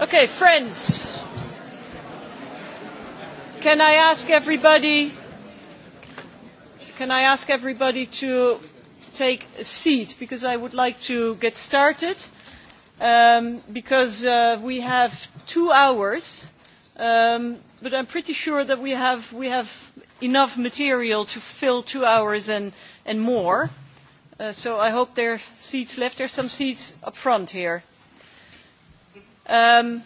Okay, friends, can I ask everybody? Can I ask everybody to take a seat because I would like to get started? Um, because uh, we have two hours, um, but I'm pretty sure that we have we have enough material to fill two hours and and more. Uh, so I hope there are seats left. There are some seats up front here. Um,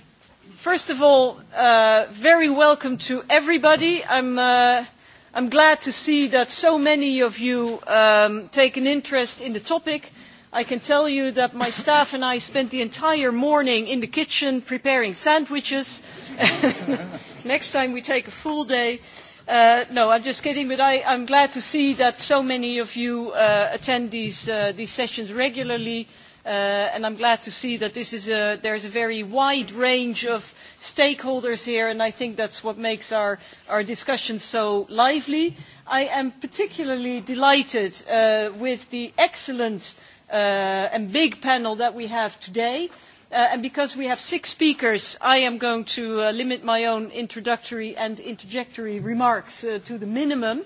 first of all, uh, very welcome to everybody. I'm, uh, I'm glad to see that so many of you um, take an interest in the topic. I can tell you that my staff and I spent the entire morning in the kitchen preparing sandwiches. Next time we take a full day. Uh, no, I'm just kidding, but I, I'm glad to see that so many of you uh, attend these, uh, these sessions regularly. Mm-hmm. Uh, and i'm glad to see that there is a very wide range of stakeholders here and i think that's what makes our discussion so lively. i am particularly delighted uh, with the excellent uh, and big panel that we have today and because we have six speakers i am going to limit my own introductory and interjectory remarks to the minimum.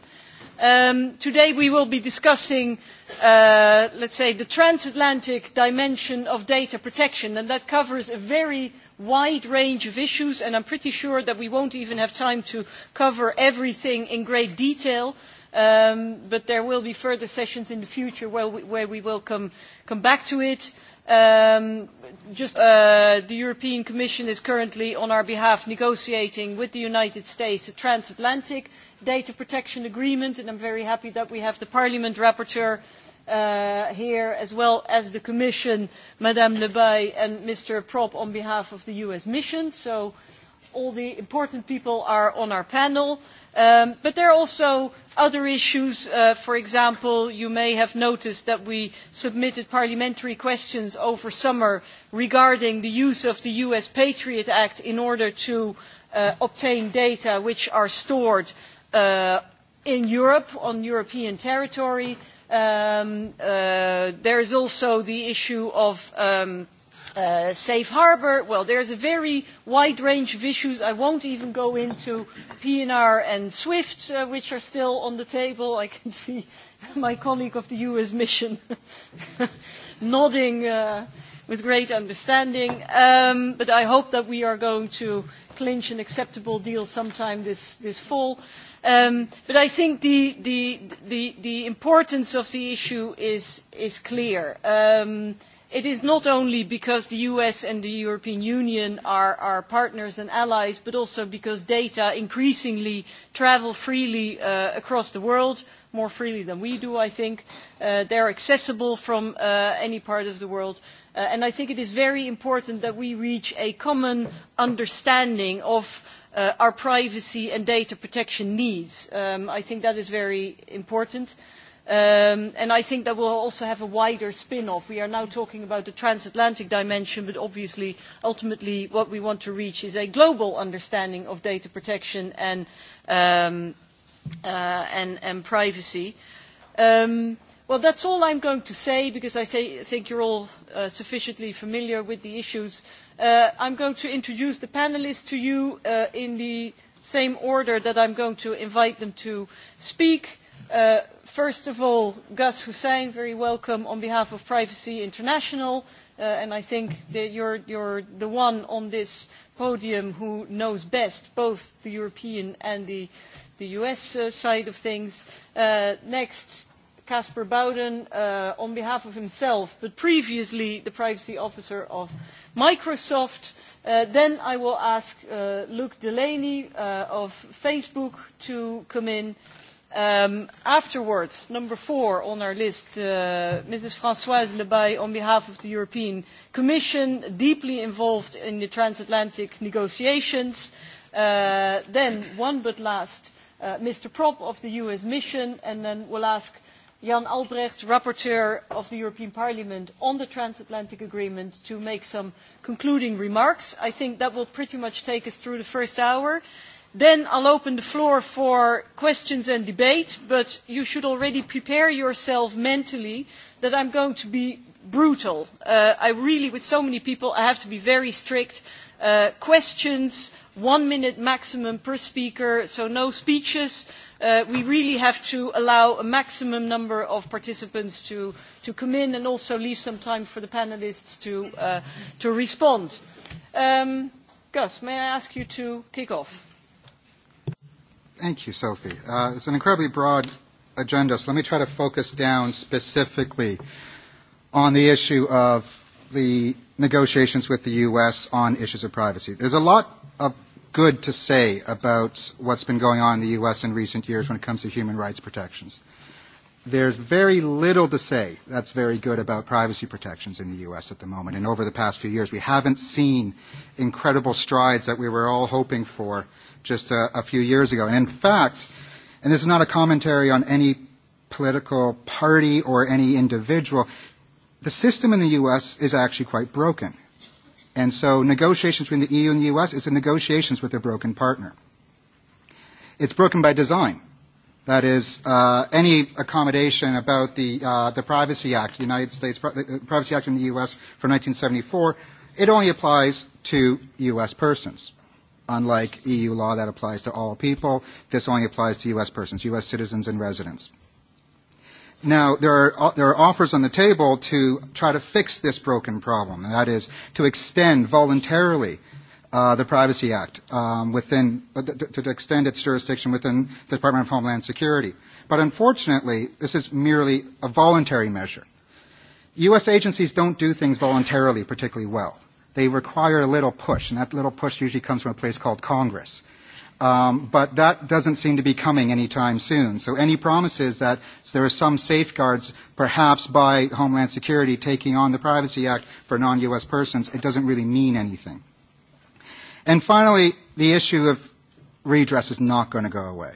Um, today we will be discussing uh, the transatlantic dimension of data protection and that covers a very wide range of issues and i am pretty sure that we will not even have time to cover everything in great detail um, but there will be further sessions in the future where we will come back to it. Um, uh, the european commission is currently on our behalf negotiating with the united states a transatlantic data protection agreement, and I'm very happy that we have the Parliament rapporteur uh, here, as well as the Commission, Madame Lebay, and Mr. Prop on behalf of the US mission. So all the important people are on our panel. Um, but there are also other issues. Uh, for example, you may have noticed that we submitted parliamentary questions over summer regarding the use of the US Patriot Act in order to uh, obtain data which are stored uh, in Europe, on European territory. Um, uh, there is also the issue of um, uh, safe harbour. Well, there's a very wide range of issues. I won't even go into PNR and SWIFT, uh, which are still on the table. I can see my colleague of the US mission nodding uh, with great understanding. Um, but I hope that we are going to clinch an acceptable deal sometime this, this fall. Uh, Um, but I think the, the, the, the importance of the issue is, is clear. Um, it is not only because the US and the European Union are our partners and allies, but also because data increasingly travel freely uh, across the world, more freely than we do, I think. Uh, they're accessible from uh, any part of the world. Uh, and I think it is very important that we reach a common understanding of uh, uh, our privacy and data protection needs. Um, I think that is very important. Um, and I think that we'll also have a wider spin-off. We are now talking about the transatlantic dimension, but obviously, ultimately, what we want to reach is a global understanding of data protection and, um, uh, and, and privacy. Um, well that's all i'm going to say because i think you're all uh, sufficiently familiar with the issues. Uh, i'm going to introduce the panellists to you uh, in the same order that i'm going to invite them to speak. first of all gus hussain very welcome on behalf of privacy international and i think that you're, you're the one on this podium who knows best both the european and the, the us side of things. Uh, next, caspar bowden uh, on behalf of himself, but previously the privacy officer of microsoft. Uh, then i will ask uh, luke delaney uh, of facebook to come in. Um, afterwards, number four on our list, uh, mrs. françoise lebay on behalf of the european commission, deeply involved in the transatlantic negotiations. Uh, then one but last, uh, Mr. Prop of the US mission, and then we'll ask uh, Jan Albrecht, rapporteur of the European Parliament on the transatlantic agreement, to make some concluding remarks. I think that will pretty much take us through the first hour. Then I'll open the floor for questions and debate, but you should already prepare yourself mentally that I'm going to be brutal. Uh, I really, with so many people, I have to be very strict. Uh, questions one minute maximum per speaker so no speeches. Uh, we really have to allow a maximum number of participants to come in and also leave some time for the panellists uh, to respond. Um, gus may i ask you to kick off? thank you, sophie. Uh, it's an incredibly broad agenda, so let me try to focus down specifically on the issue of the negotiations with the u.s. on issues of privacy. there's a lot of good to say about what's been going on in the U.S. in recent years when it comes to human rights protections. There's very little to say that's very good about privacy protections in the U.S. at the moment. And over the past few years, we haven't seen incredible strides that we were all hoping for just a, a few years ago. And in fact, and this is not a commentary on any political party or any individual, the system in the U.S. is actually quite broken. And so negotiations between the EU and the US is a negotiations with a broken partner. It's broken by design. That is, uh, any accommodation about the, uh, the Privacy Act, United States uh, Privacy Act in the US from 1974, it only applies to US persons. Unlike EU law that applies to all people, this only applies to US persons, US citizens and residents. Now, there are, uh, there are offers on the table to try to fix this broken problem, and that is to extend voluntarily uh, the Privacy Act um, within, uh, to, to extend its jurisdiction within the Department of Homeland Security. But unfortunately, this is merely a voluntary measure. U.S. agencies don't do things voluntarily particularly well. They require a little push, and that little push usually comes from a place called Congress um, but that doesn't seem to be coming anytime soon. So any promises that there are some safeguards, perhaps by Homeland Security taking on the Privacy Act for non-U.S. persons, it doesn't really mean anything. And finally, the issue of redress is not going to go away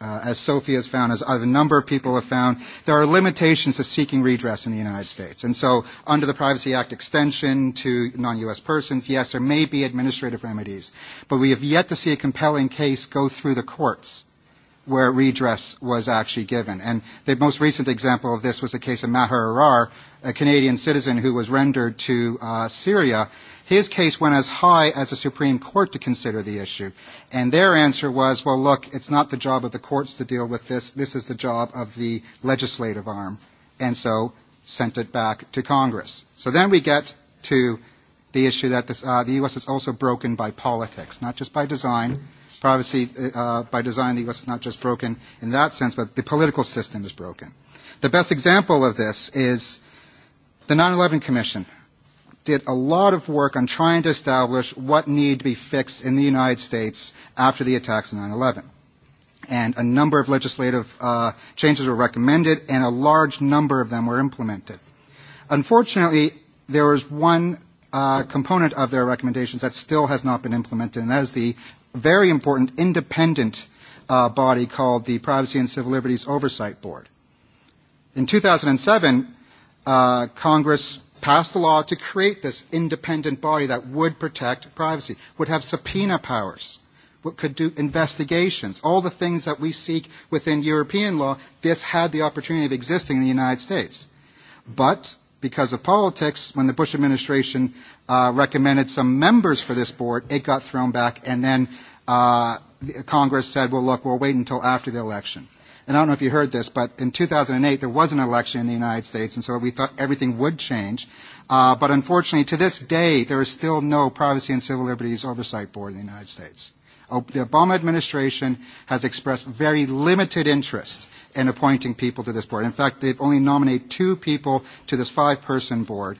uh, as Sophie has found, as a number of people have found, there are limitations to seeking redress in the United States. And so under the Privacy Act extension to non-U.S. persons, yes, there may be administrative remedies, but we have yet to see a compelling case go through the courts where redress was actually given. And the most recent example of this was the case of Maher Arar, a Canadian citizen who was rendered to uh, Syria his case went as high as the Supreme Court to consider the issue. And their answer was, well, look, it's not the job of the courts to deal with this. This is the job of the legislative arm. And so sent it back to Congress. So then we get to the issue that this, uh, the U.S. is also broken by politics, not just by design. Privacy uh, uh by design, the U.S. is not just broken in that sense, but the political system is broken. The best example of this is the 9-11 Commission, did a lot of work on trying to establish what needed to be fixed in the United States after the attacks of 9 11. And a number of legislative uh, changes were recommended, and a large number of them were implemented. Unfortunately, there was one uh, component of their recommendations that still has not been implemented, and that is the very important independent uh, body called the Privacy and Civil Liberties Oversight Board. In 2007, uh, Congress passed the law to create this independent body that would protect privacy, would have subpoena powers, would, could do investigations. All the things that we seek within European law, this had the opportunity of existing in the United States. But because of politics, when the Bush administration uh, recommended some members for this board, it got thrown back, and then uh, Congress said, well, look, we'll wait until after the election. And I don't know if you heard this, but in 2008 there was an election in the United States, and so we thought everything would change. Uh, but unfortunately, to this day, there is still no Privacy and Civil Liberties Oversight Board in the United States. The Obama administration has expressed very limited interest in appointing people to this board. In fact, they've only nominated two people to this five-person board,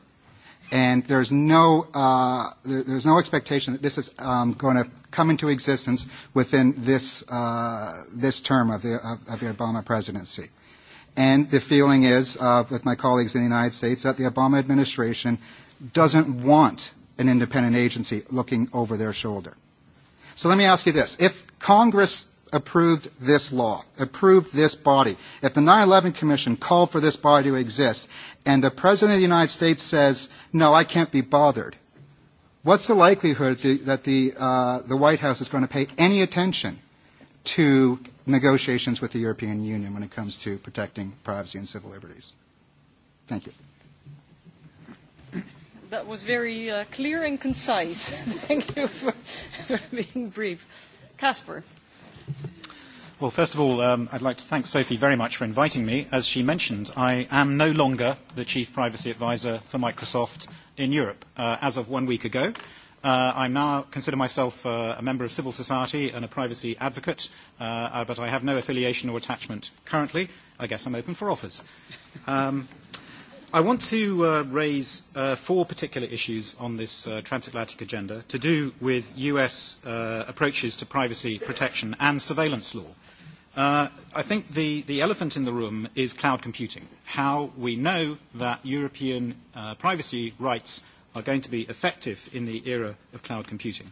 and there's no uh, there, there's no expectation that this is um, going to come into existence within this uh, this term of the of, of the Obama presidency. And the feeling is, uh, with my colleagues in the United States, that the Obama administration doesn't want an independent agency looking over their shoulder. So let me ask you this: If Congress approved this law, approved this body, if the 9 11 Commission called for this body to exist, and the President of the United States says, no, I can't be bothered, what's the likelihood that the, uh, the White House is going to pay any attention to negotiations with the European Union when it comes to protecting privacy and civil liberties? Thank you. That was very uh, clear and concise. Thank you for, for being brief. Casper. Well, first of all, um, I'd like to thank Sophie very much for inviting me. As she mentioned, I am no longer the Chief Privacy Advisor for Microsoft in Europe. Uh, as of one week ago, uh, I now consider myself uh, a member of civil society and a privacy advocate, uh, uh, but I have no affiliation or attachment currently. I guess I'm open for offers. Um, I want to uh, raise uh, four particular issues on this uh, transatlantic agenda to do with US uh, approaches to privacy protection and surveillance law. Uh, I think the, the elephant in the room is cloud computing, how we know that European uh, privacy rights are going to be effective in the era of cloud computing.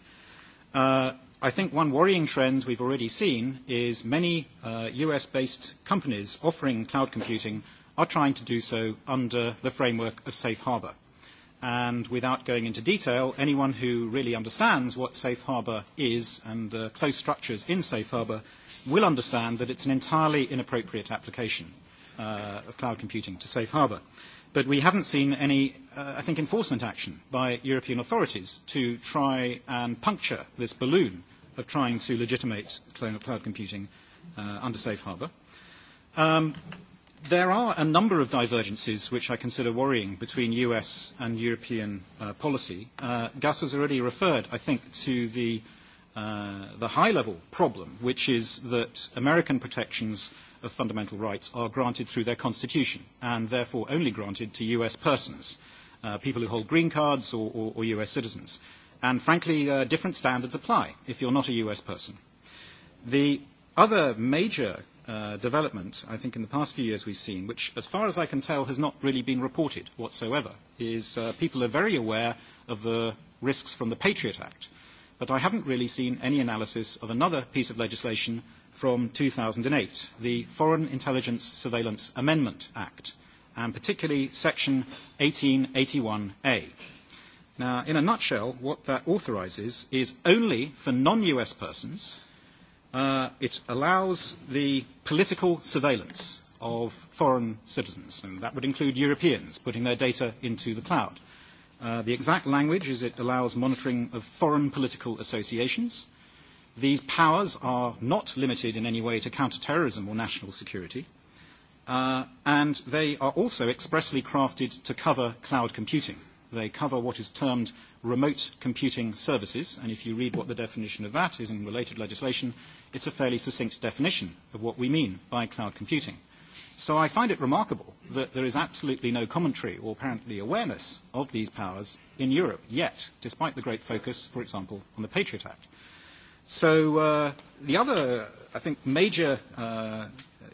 Uh, I think one worrying trend we've already seen is many uh, US-based companies offering cloud computing are trying to do so under the framework of safe harbour. And without going into detail, anyone who really understands what safe harbour is and the uh, close structures in safe harbour will understand that it's an entirely inappropriate application uh, of cloud computing to safe harbour. But we haven't seen any, uh, I think, enforcement action by European authorities to try and puncture this balloon of trying to legitimate cloud computing uh, under safe harbour. Um, there are a number of divergences which I consider worrying between US and European uh, policy. Uh, Gus has already referred, I think, to the, uh, the high level problem, which is that American protections of fundamental rights are granted through their constitution and therefore only granted to US persons, uh, people who hold green cards or, or, or US citizens. And frankly, uh, different standards apply if you're not a US person. The other major Uh, development, I think, in the past few years we've seen, which, as far as I can tell, has not really been reported whatsoever, is uh, people are very aware of the risks from the Patriot Act. But I haven't really seen any analysis of another piece of legislation from 2008, the Foreign Intelligence Surveillance Amendment Act, and particularly Section 1881A. Now, in a nutshell, what that authorizes is only for non-US persons – uh, it allows the political surveillance of foreign citizens, and that would include Europeans putting their data into the cloud. Uh, the exact language is it allows monitoring of foreign political associations. These powers are not limited in any way to counterterrorism or national security, uh, and they are also expressly crafted to cover cloud computing. They cover what is termed remote computing services, and if you read what the definition of that is in related legislation, it's a fairly succinct definition of what we mean by cloud computing. So I find it remarkable that there is absolutely no commentary or apparently awareness of these powers in Europe yet, despite the great focus, for example, on the Patriot Act. So uh, the other, I think, major uh,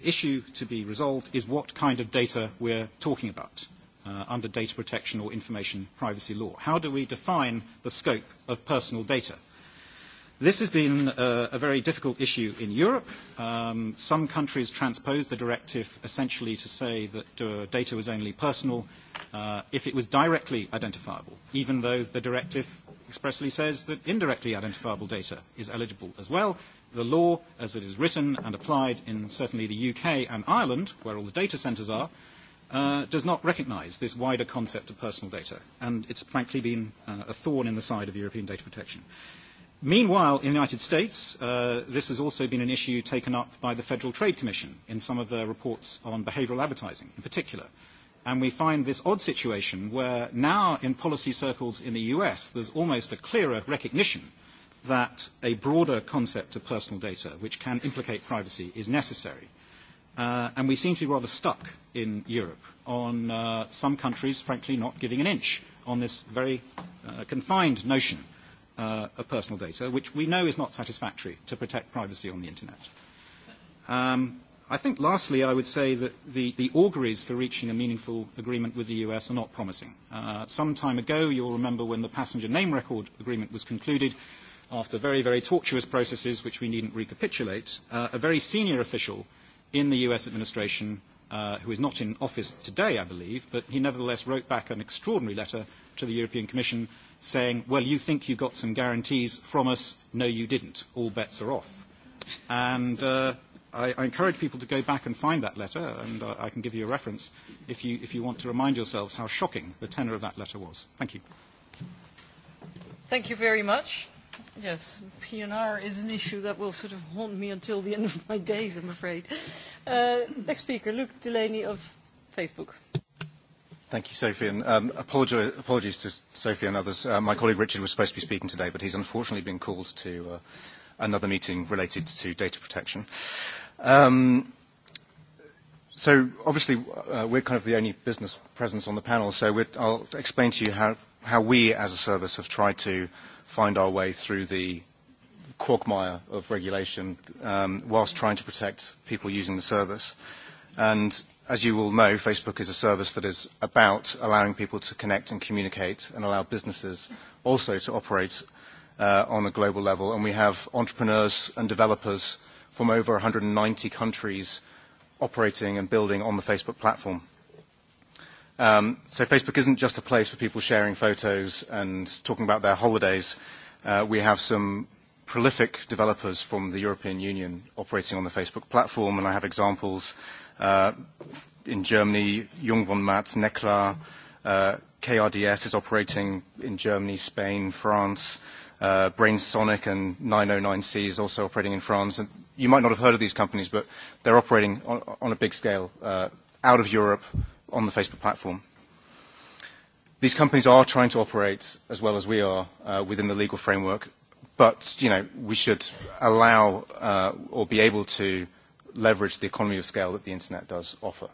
issue to be resolved is what kind of data we're talking about uh, under data protection or information privacy law. How do we define the scope of personal data? This has been uh, a very difficult issue in Europe. Um, some countries transposed the directive essentially to say that uh, data was only personal uh, if it was directly identifiable, even though the directive expressly says that indirectly identifiable data is eligible as well. The law, as it is written and applied in certainly the UK and Ireland, where all the data centres are, uh, does not recognise this wider concept of personal data. And it's frankly been uh, a thorn in the side of European data protection. Uh, Meanwhile, in the United States, uh, this has also been an issue taken up by the Federal Trade Commission in some of their reports on behavioral advertising in particular. And we find this odd situation where now in policy circles in the US, there's almost a clearer recognition that a broader concept of personal data, which can implicate privacy, is necessary. Uh, and we seem to be rather stuck in Europe on uh, some countries, frankly, not giving an inch on this very uh, confined notion uh, of personal data, which we know is not satisfactory to protect privacy on the internet. Um, I think lastly, I would say that the, the auguries for reaching a meaningful agreement with the US are not promising. Uh, some time ago, you'll remember when the passenger name record agreement was concluded, after very, very tortuous processes, which we needn't recapitulate, uh, a very senior official in the US administration, uh, who is not in office today, I believe, but he nevertheless wrote back an extraordinary letter to the European Commission saying, well, you think you got some guarantees from us. No, you didn't. All bets are off. And uh, I, I encourage people to go back and find that letter, and I, uh, I can give you a reference if you, if you want to remind yourselves how shocking the tenor of that letter was. Thank you. Thank you very much. Yes, PNR is an issue that will sort of haunt me until the end of my days, I'm afraid. Uh, next speaker, Luke Delaney of Facebook. Thank you, Sophie. And um, apologize, apologies to Sophie and others. Uh, my colleague Richard was supposed to be speaking today, but he's unfortunately been called to uh, another meeting related to data protection. Um, so obviously, uh, we're kind of the only business presence on the panel, so we're, I'll explain to you how, how we as a service have tried to find our way through the quagmire of regulation um, whilst trying to protect people using the service. And as you will know, Facebook is a service that is about allowing people to connect and communicate and allow businesses also to operate uh, on a global level. And we have entrepreneurs and developers from over 190 countries operating and building on the Facebook platform. Um, so Facebook isn't just a place for people sharing photos and talking about their holidays. Uh, we have some prolific developers from the European Union operating on the Facebook platform, and I have examples Uh, in Germany, Jung von Matt, Nekla, uh, KRDS is operating in Germany, Spain, France. Uh, Brainsonic and 909C is also operating in France. And you might not have heard of these companies, but they're operating on a big scale out of Europe on the Facebook platform. These companies are trying to operate as well as we are within the legal framework, but, you know, we should allow or be able to leverage the economy of scale that the internet does offer.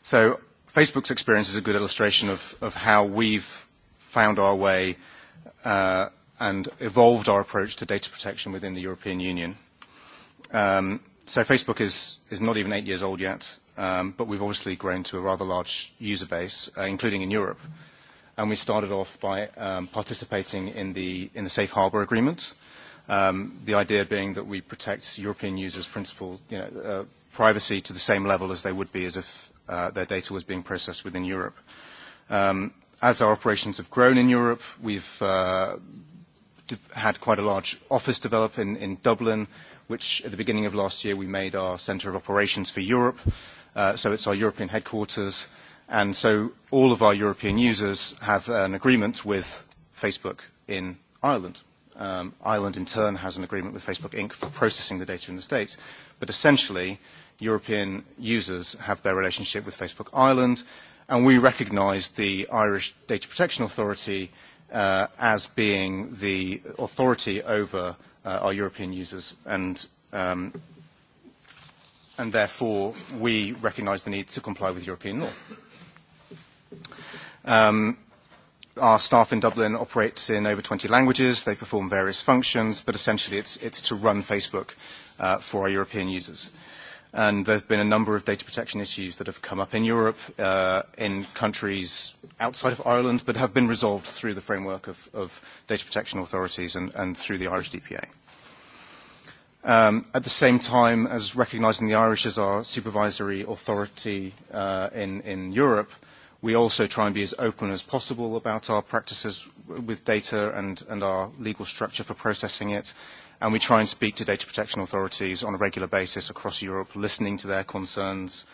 So Facebook's experience is a good illustration of, of how we've found our way uh, and evolved our approach to data protection within the European Union. Um, so Facebook is, is not even eight years old yet, um, but we've obviously grown to a rather large user base, uh, including in Europe. And we started off by um, participating in the, in the Safe Harbor Agreement, uh, um, the idea being that we protect European users' principal you know, uh, privacy to the same level as they would be as if uh, their data was being processed within Europe. Um, as our operations have grown in Europe, we've uh, div- had quite a large office develop in, in Dublin, which at the beginning of last year we made our center of operations for Europe. Uh, so it's our European headquarters. And so all of our European users have an agreement with Facebook in Ireland um, Ireland in turn has an agreement with Facebook Inc. for processing the data in the States. But essentially, European users have their relationship with Facebook Ireland, and we recognize the Irish Data Protection Authority uh, as being the authority over uh, our European users, and, um, and therefore we recognize the need to comply with European law. Um, our staff in Dublin operate in over 20 languages. They perform various functions, but essentially it's, it's to run Facebook uh, for our European users. And there have been a number of data protection issues that have come up in Europe, uh, in countries outside of Ireland, but have been resolved through the framework of, of data protection authorities and, and through the Irish DPA. Um, at the same time as recognizing the Irish as our supervisory authority uh, in, in Europe, uh, we also try and be as open as possible about our practices with data and, and our legal structure for processing it. And we try and speak to data protection authorities on a regular basis across Europe, listening to their concerns,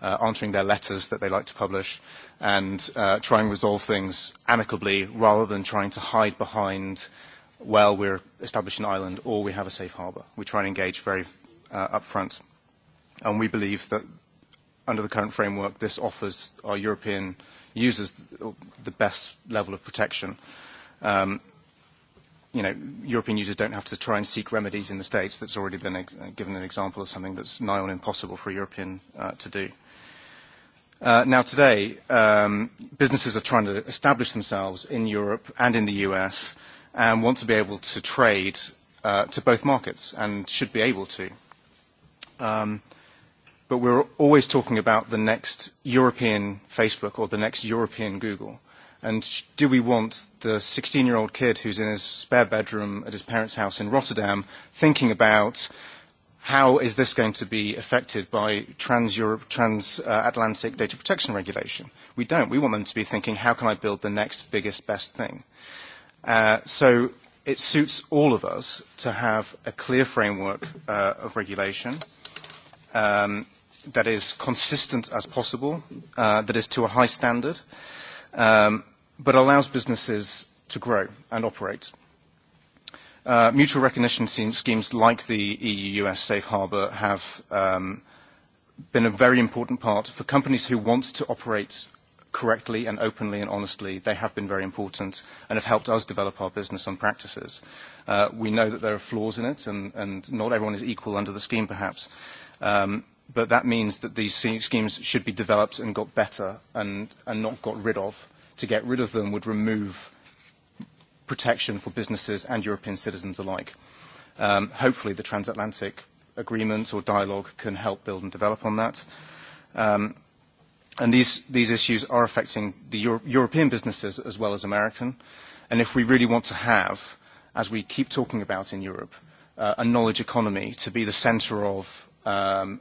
uh, answering their letters that they like to publish, and uh, trying to resolve things amicably rather than trying to hide behind, well, we're established an island or we have a safe harbor. We try and engage very uh, upfront. And we believe that under the current framework, this offers our European users the best level of protection. Um, you know, European users don't have to try and seek remedies in the states. That's already been ex given an example of something that's nigh on impossible for a European uh, to do. Uh, now, today, um, businesses are trying to establish themselves in Europe and in the US and want to be able to trade uh, to both markets and should be able to. Um, but we're always talking about the next European Facebook or the next European Google. And do we want the 16 year old kid who's in his spare bedroom at his parents' house in Rotterdam thinking about how is this going to be affected by trans Europe, uh, trans Atlantic data protection regulation? We don't. We want them to be thinking, how can I build the next biggest, best thing? Uh, so it suits all of us to have a clear framework uh, of regulation. Um, that is consistent as possible, uh, that is to a high standard, um, but allows businesses to grow and operate. Uh, mutual recognition schemes like the EU-US Safe Harbor have um, been a very important part for companies who want to operate correctly and openly and honestly. They have been very important and have helped us develop our business and practices. Uh, we know that there are flaws in it and, and not everyone is equal under the scheme perhaps. Um, but that means that these schemes should be developed and got better and, and not got rid of. To get rid of them would remove protection for businesses and European citizens alike. Um, hopefully, the transatlantic agreements or dialogue can help build and develop on that. Um, and these, these issues are affecting the Euro- European businesses as well as American. And if we really want to have, as we keep talking about in Europe, uh, a knowledge economy to be the center of um,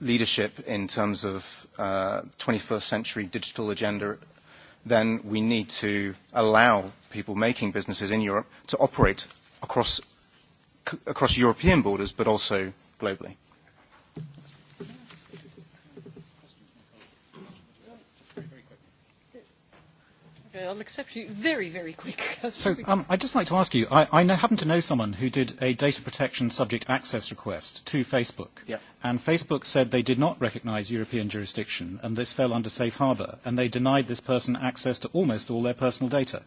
leadership in terms of uh, 21st century digital agenda, then we need to allow people making businesses in Europe to operate across, c across European borders, but also globally. I'll accept you very, very quick. That's so um, I'd just like to ask you, I, I know, happen to know someone who did a data protection subject access request to Facebook. Yeah. And Facebook said they did not recognize European jurisdiction and this fell under safe harbor. And they denied this person access to almost all their personal data.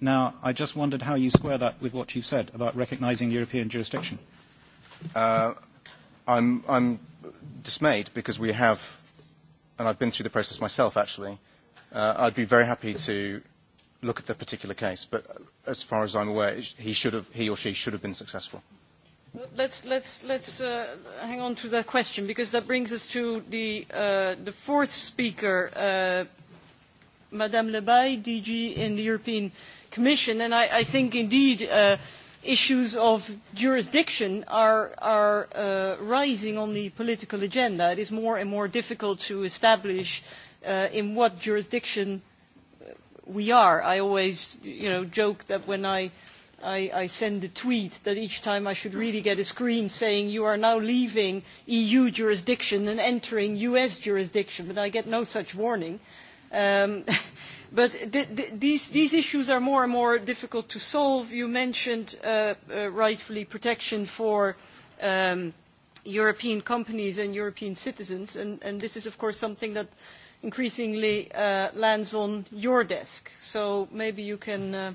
Now, I just wondered how you square that with what you've said about recognizing European jurisdiction. Uh, I'm, I'm dismayed because we have, and I've been through the process myself, actually. Uh, I'd be very happy to look at the particular case, but as far as I'm aware, he, should have, he or she should have been successful. Let's, let's, let's uh, hang on to that question because that brings us to the, uh, the fourth speaker, uh, Madame Lebay, DG in the European Commission. And I, I think indeed uh, issues of jurisdiction are, are uh, rising on the political agenda. It is more and more difficult to establish uh, in what jurisdiction uh, we are. I always, you know, joke that when I, I, I send a tweet, that each time I should really get a screen saying you are now leaving EU jurisdiction and entering US jurisdiction, but I get no such warning. Um, but th- th- these, these issues are more and more difficult to solve. You mentioned uh, uh, rightfully protection for um, European companies and European citizens, and, and this is, of course, something that increasingly uh, lands on your desk so maybe you can uh,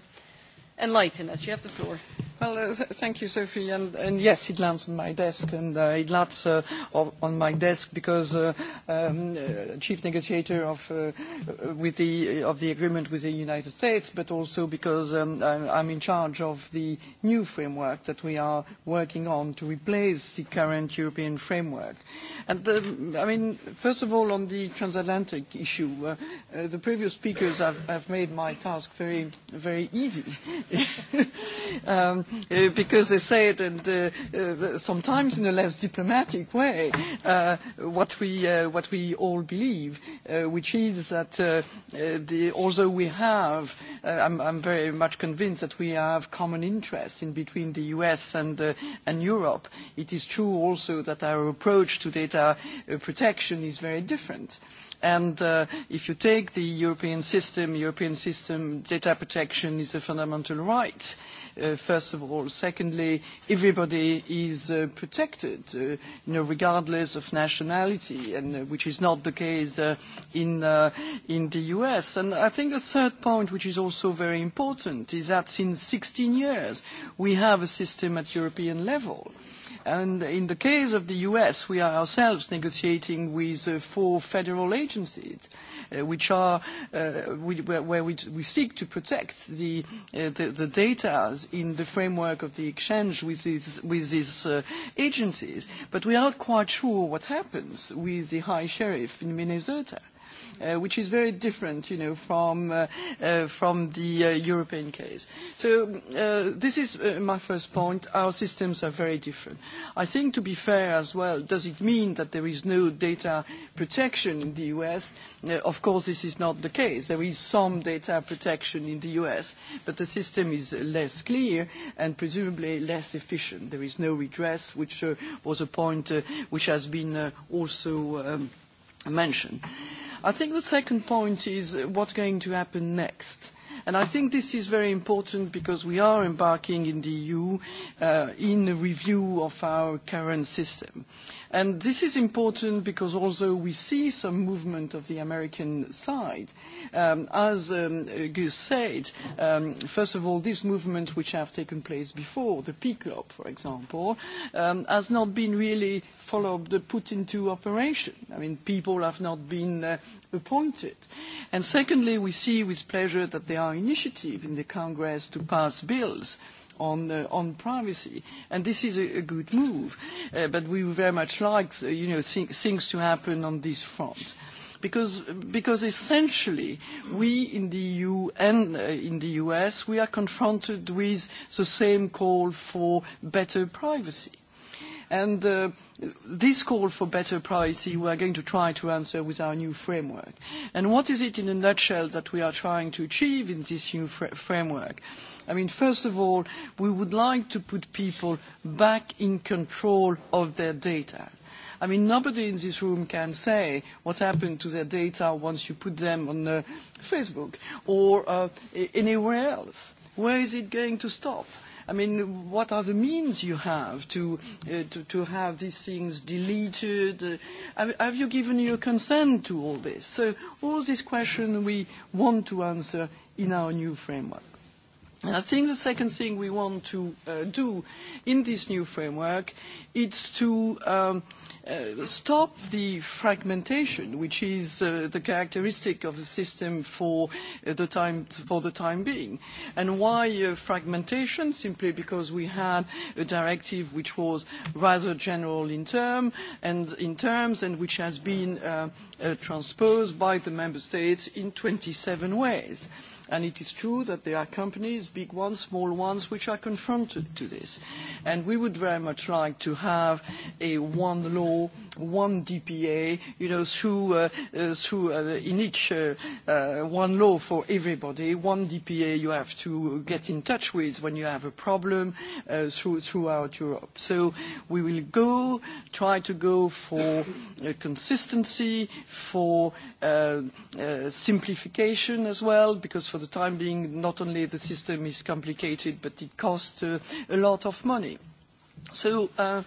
enlighten us. You have the floor. Well, uh, th- thank you, Sophie. And, and yes, it lands on my desk, and uh, it lands uh, on my desk because uh, um, uh, chief negotiator of uh, uh with the uh, of the agreement with the United States, but also because um, I'm, I'm in charge of the new framework that we are working on to replace the current European framework. And um, I mean, first of all, on the transatlantic issue, uh, uh, the previous speakers have, have made my task very very easy um, uh, because they say it, and uh, uh, sometimes in a less diplomatic way, uh, what we uh, what we all believe, uh, which is that uh, uh, the, although we have, uh, I'm, I'm very much convinced that we have common interests in between the U.S. and uh, and Europe. It is true also that our approach to data uh, protection is very different. Uh, Uh, if you take the European system, European system data protection is a fundamental right, uh, first of all. Secondly, everybody is uh, protected, regardless of nationality, and which is not the case in the U.S. I think a third point, which is also very important, is that since 16 years, we have a system at European level. In the case of the U.S., we are ourselves negotiating with uh, four federal agencies, uh, which are uh, where we seek to protect the data in the framework of the exchange with these agencies. We are not quite sure what happens with the High Sheriff in Minnesota. Uh, which is very different you know, from, uh, uh, from the uh, European case. So uh, this is uh, my first point. Our systems are very different. I think, to be fair as well, does it mean that there is no data protection in the US? Uh, of course, this is not the case. There is some data protection in the US, but the system is less clear and presumably less efficient. There is no redress, which uh, was a point uh, which has been uh, also um, mentioned. I think the second point is uh, what's going to happen next. And I think this is very important because we are embarking in the EU uh, in a review of our current system. This is important because although we see some movement of the American side, um, as um, Gus said, um, first of all, these movements which have taken place before the PCLOP, for example, has not been really followed or put into operation. People have not been uh, appointed. Secondly, we see with pleasure that there are initiatives in the Congress to pass bills on uh, on privacy, and this is a, a good move. Uh, but we very much like uh, you know th- things to happen on this front. Because, because essentially, we in the EU and uh, in the US, we are confronted with the same call for better privacy. And uh, this call for better privacy, we are going to try to answer with our new framework. And what is it in a nutshell that we are trying to achieve in this new fr- framework? Uh, I mean, first of all, we would like to put people back in control of their data. I mean, nobody in this room can say what happened to their data once you put them on uh, Facebook or uh, anywhere else. Where is it going to stop? I mean, what are the means you have to, uh, to, to have these things deleted? Uh, have you given your consent to all this? So all these questions we want to answer in our new framework. I think the second thing we want to uh, do in this new framework, it's to um, uh, stop the fragmentation, which is uh, the characteristic of the system for the time being. Why fragmentation? Simply because we had a directive which was rather general in terms, and which has been transposed by the member states in 27 ways. It is true that there are companies, big ones, small ones, which are confronted to this. We would very much like to have a one law one DPA, you know, through, uh, uh, through uh, in each uh, uh, one law for everybody, one DPA you have to get in touch with when you have a problem uh, through, throughout Europe. So we will go, try to go for uh, consistency, for uh, uh, simplification as well, because for the time being, not only the system is complicated, but it costs uh, a lot of money. So... Uh,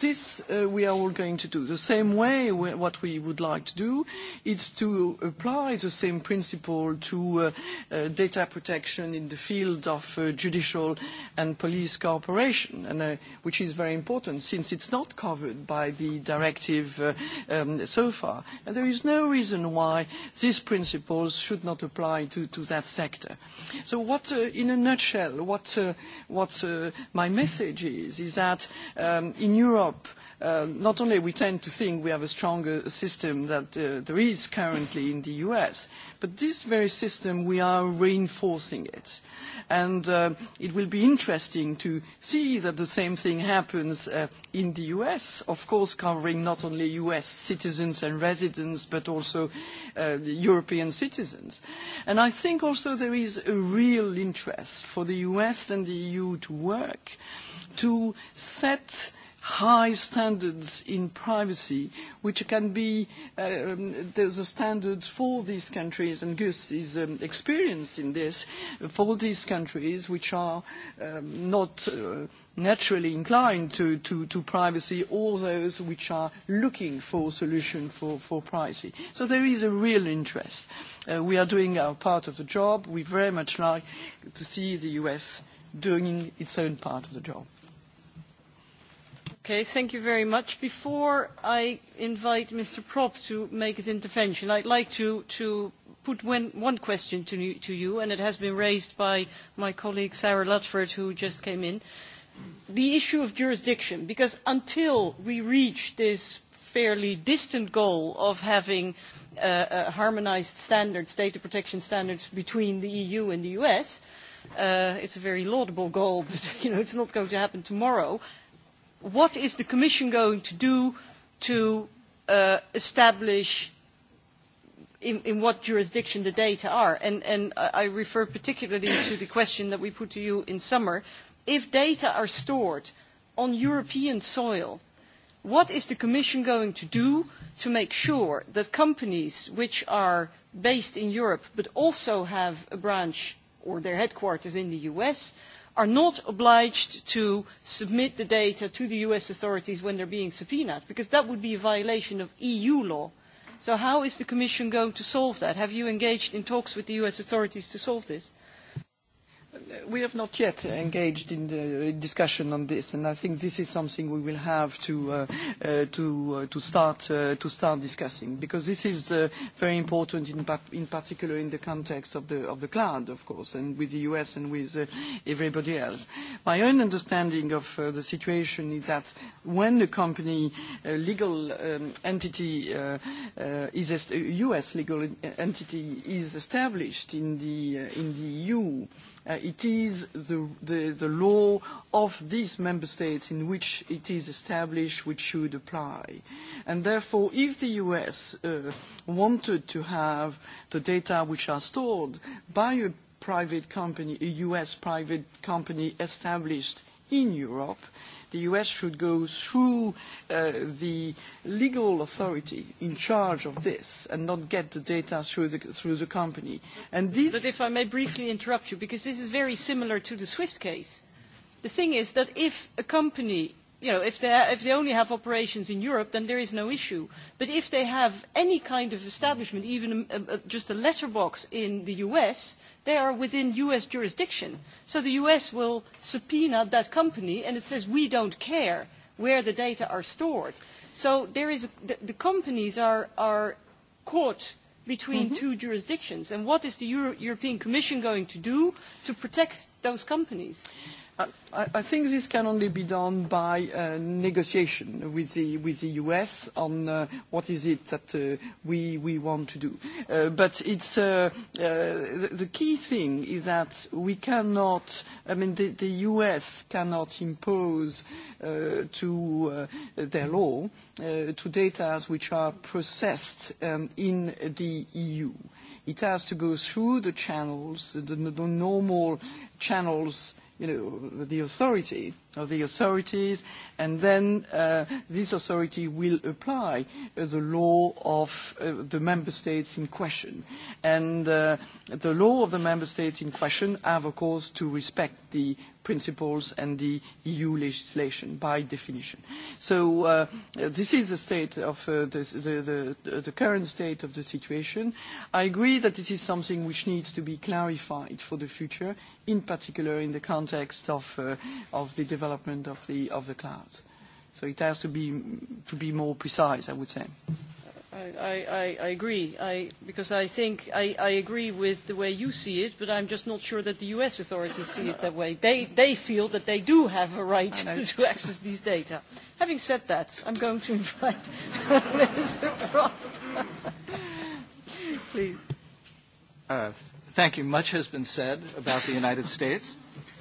This uh, we are all going to do. The same way what we would like to do, it's to apply the same principle to uh, uh, data protection in the field of judicial and police cooperation, which is very important since it's not covered by the directive um, so far. There is no reason why these principles should not apply to that sector. What, in a nutshell, what my message is that um, in Europe, Europe, um, not only we tend to think we have a stronger system than uh, there is currently in the U.S., but this very system, we are reinforcing it. Um, it will be interesting to see that the same thing happens uh, in the U.S., of course, covering not only U.S. citizens and residents, but also uh, European citizens. I think also there is a real interest for the U.S. and the EU to work to set high standards in privacy, which can be um, there's a standard for these countries, and Gus is um, experienced in this, for these countries which are um, not uh, naturally inclined to, to, to privacy, or those which are looking for solution for, for privacy. So there is a real interest. Uh, we are doing our part of the job. We very much like to see the US doing its own part of the job. Okay, thank you very much. Before I invite Mr. Prop to make his intervention, I'd like to, to put when, one question to, to you, and it has been raised by my colleague Sarah Lutford, who just came in. The issue of jurisdiction, because until we reach this fairly distant goal of having uh, uh, harmonized standards, data protection standards between the EU and the US, uh, it's a very laudable goal, but you know, it's not going to happen tomorrow what is the Commission going to do to uh, establish in, in what jurisdiction the data are? And, and I refer particularly to the question that we put to you in summer. If data are stored on European soil, what is the Commission going to do to make sure that companies which are based in Europe but also have a branch or their headquarters in the US uh, are not obliged to submit the data to the US authorities when they're being subpoenaed, because that would be a violation of EU law. So how is the Commission going to solve that? Have you engaged in talks with the US authorities to solve this? We have not yet engaged in the uh, discussion on this, and I think this is something we will have to uh, uh, start discussing, because this is very important in particular in the context of the cloud, of course, and with the U.S. and with everybody else. My own understanding of the situation is that when the company legal um, entity, U.S. legal entity is established in the EU, uh, it is the, the, the law of these member states in which it is established which should apply. And therefore, if the US uh, wanted to have the data which are stored by a private company, a US private company established in Europe, the US should go through uh, the legal authority in charge of this and not get the data through the, through the company. And this but if I may briefly interrupt you, because this is very similar to the SWIFT case. The thing is that if a company, you know, if, if they only have operations in Europe, then there is no issue. But if they have any kind of establishment, even a, um, a, uh, just a letterbox in the US, uh, they are within US jurisdiction. So the US will subpoena that company and it says, we don't care where the data are stored. So there is a, the, the companies are, are caught between mm-hmm. two jurisdictions. And what is the Euro- European Commission going to do to protect those companies? I think this can only be done by uh, negotiation with the U.S. on uh, what is it that uh, we want to do. The key thing is that we cannot, I mean, the U.S. cannot impose to their law to data which are processed um, in the EU. It has to go through the channels, the normal channels you know, the authority of the authorities, and then uh, this authority will apply uh, the law of uh, the member states in question. And uh, the law of the member states in question have, of course, to respect the principles and the EU legislation by definition. So uh, this is the state of uh, this, the, the, the current state of the situation. I agree that it is something which needs to be clarified for the future, in particular in the context of, uh, of the development of the, of the cloud. So it has to be, to be more precise, I would say. Thank you. I, I, I agree, I, because I think I, I agree with the way you see it, but I'm just not sure that the US authorities see it that way. They, they feel that they do have a right to access these data. Having said that, I'm going to invite Mr. Please. Uh, thank you. Much has been said about the United States,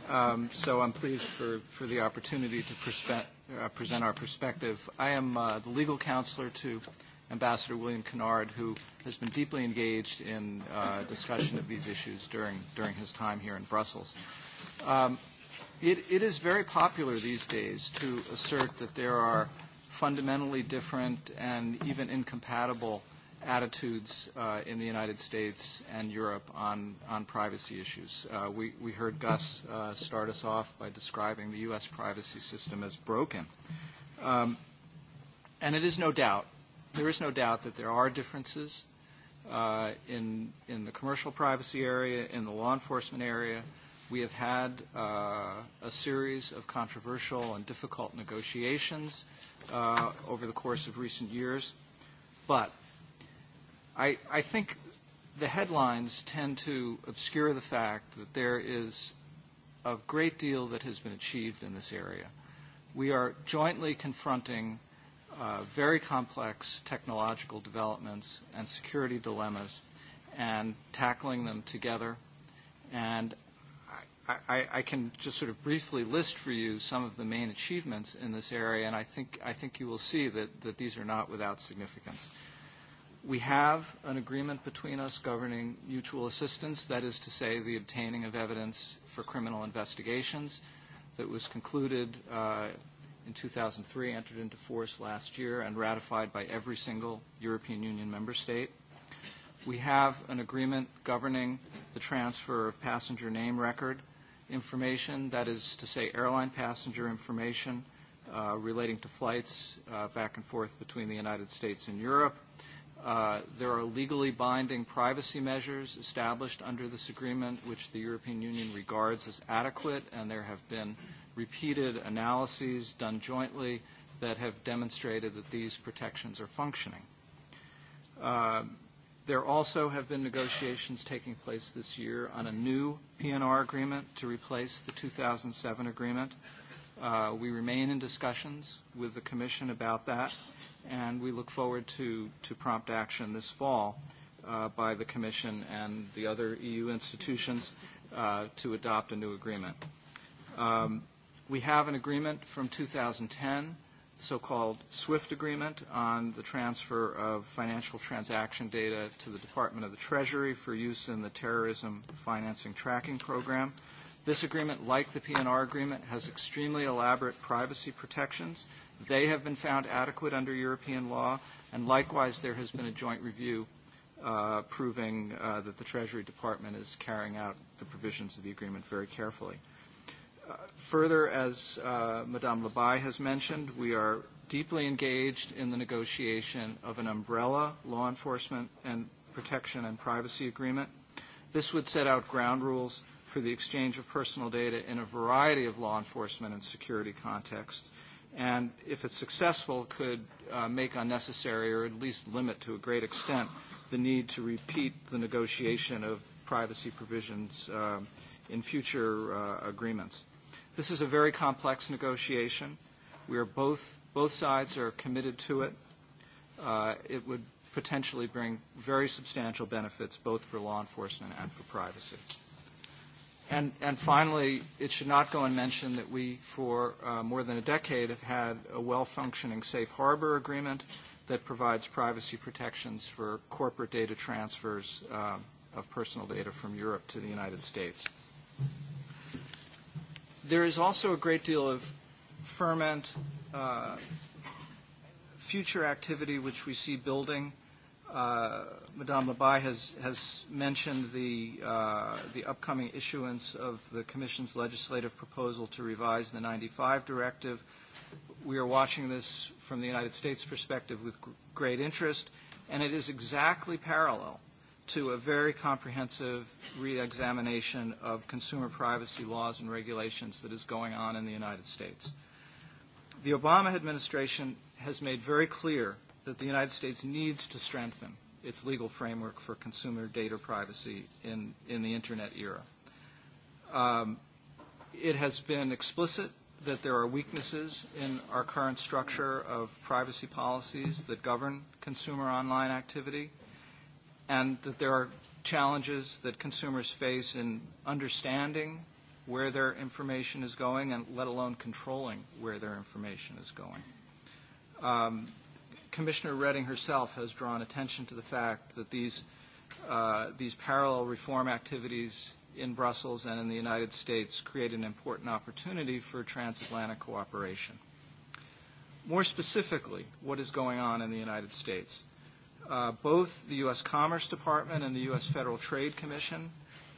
um, so I'm pleased for, for the opportunity to perspe- uh, present our perspective. I am uh, the legal counselor to. Ambassador William Kennard, who has been deeply engaged in uh, discussion of these issues during, during his time here in Brussels. Um, it, it is very popular these days to assert that there are fundamentally different and even incompatible attitudes uh, in the United States and Europe on, on privacy issues. Uh, we, we heard Gus uh, start us off by describing the U.S. privacy system as broken. Um, and it is no doubt there is no doubt that there are differences uh, in in the commercial privacy area, in the law enforcement area. We have had uh, a series of controversial and difficult negotiations uh, over the course of recent years, but I, I think the headlines tend to obscure the fact that there is a great deal that has been achieved in this area. We are jointly confronting – Uh, very complex technological developments and security dilemmas and tackling them together. And I, I, I can just sort of briefly list for you some of the main achievements in this area, and I think, I think you will see that, that these are not without significance. We have an agreement between us governing mutual assistance, that is to say, the obtaining of evidence for criminal investigations that was concluded. Uh, in 2003, entered into force last year, and ratified by every single European Union member state. We have an agreement governing the transfer of passenger name record information, that is to say airline passenger information uh, relating to flights uh, back and forth between the United States and Europe. Uh, there are legally binding privacy measures established under this agreement, which the European Union regards as adequate, and there have been repeated analyses done jointly that have demonstrated that these protections are functioning. Uh, there also have been negotiations taking place this year on a new PNR agreement to replace the 2007 agreement. Uh, we remain in discussions with the Commission about that, and we look forward to, to prompt action this fall uh, by the Commission and the other EU institutions uh, to adopt a new agreement. Um, We have an agreement from 2010, the so-called SWIFT agreement on the transfer of financial transaction data to the Department of the Treasury for use in the terrorism financing tracking program. This agreement, like the PNR agreement, has extremely elaborate privacy protections. They have been found adequate under European law, and likewise there has been a joint review uh, proving uh, that the Treasury Department is carrying out the provisions of the agreement very carefully. Uh, further, as uh, Madame Labai has mentioned, we are deeply engaged in the negotiation of an umbrella law enforcement and protection and privacy agreement. This would set out ground rules for the exchange of personal data in a variety of law enforcement and security contexts. And if it's successful, could uh, make unnecessary or at least limit to a great extent the need to repeat the negotiation of privacy provisions uh, in future uh, agreements. This is a very complex negotiation. We are both, both sides are committed to it. Uh, it would potentially bring very substantial benefits both for law enforcement and for privacy. And, and finally, it should not go unmentioned that we, for uh, more than a decade, have had a well-functioning safe harbor agreement that provides privacy protections for corporate data transfers uh, of personal data from Europe to the United States. Thank you there is also a great deal of ferment, uh, future activity which we see building. Uh, Madame Labai has, has mentioned the, uh, the upcoming issuance of the Commission's legislative proposal to revise the 95 directive. We are watching this from the United States perspective with great interest, and it is exactly parallel uh, to a very comprehensive reexamination of consumer privacy laws and regulations that is going on in the United States. The Obama administration has made very clear that the United States needs to strengthen its legal framework for consumer data privacy in, in the internet era. Um, it has been explicit that there are weaknesses in our current structure of privacy policies that govern consumer online activity and that there are challenges that consumers face in understanding where their information is going and let alone controlling where their information is going. Um, Commissioner Redding herself has drawn attention to the fact that these, uh, these parallel reform activities in Brussels and in the United States create an important opportunity for transatlantic cooperation. More specifically, what is going on in the United States? Uh, both the U.S. Commerce Department and the U.S. Federal Trade Commission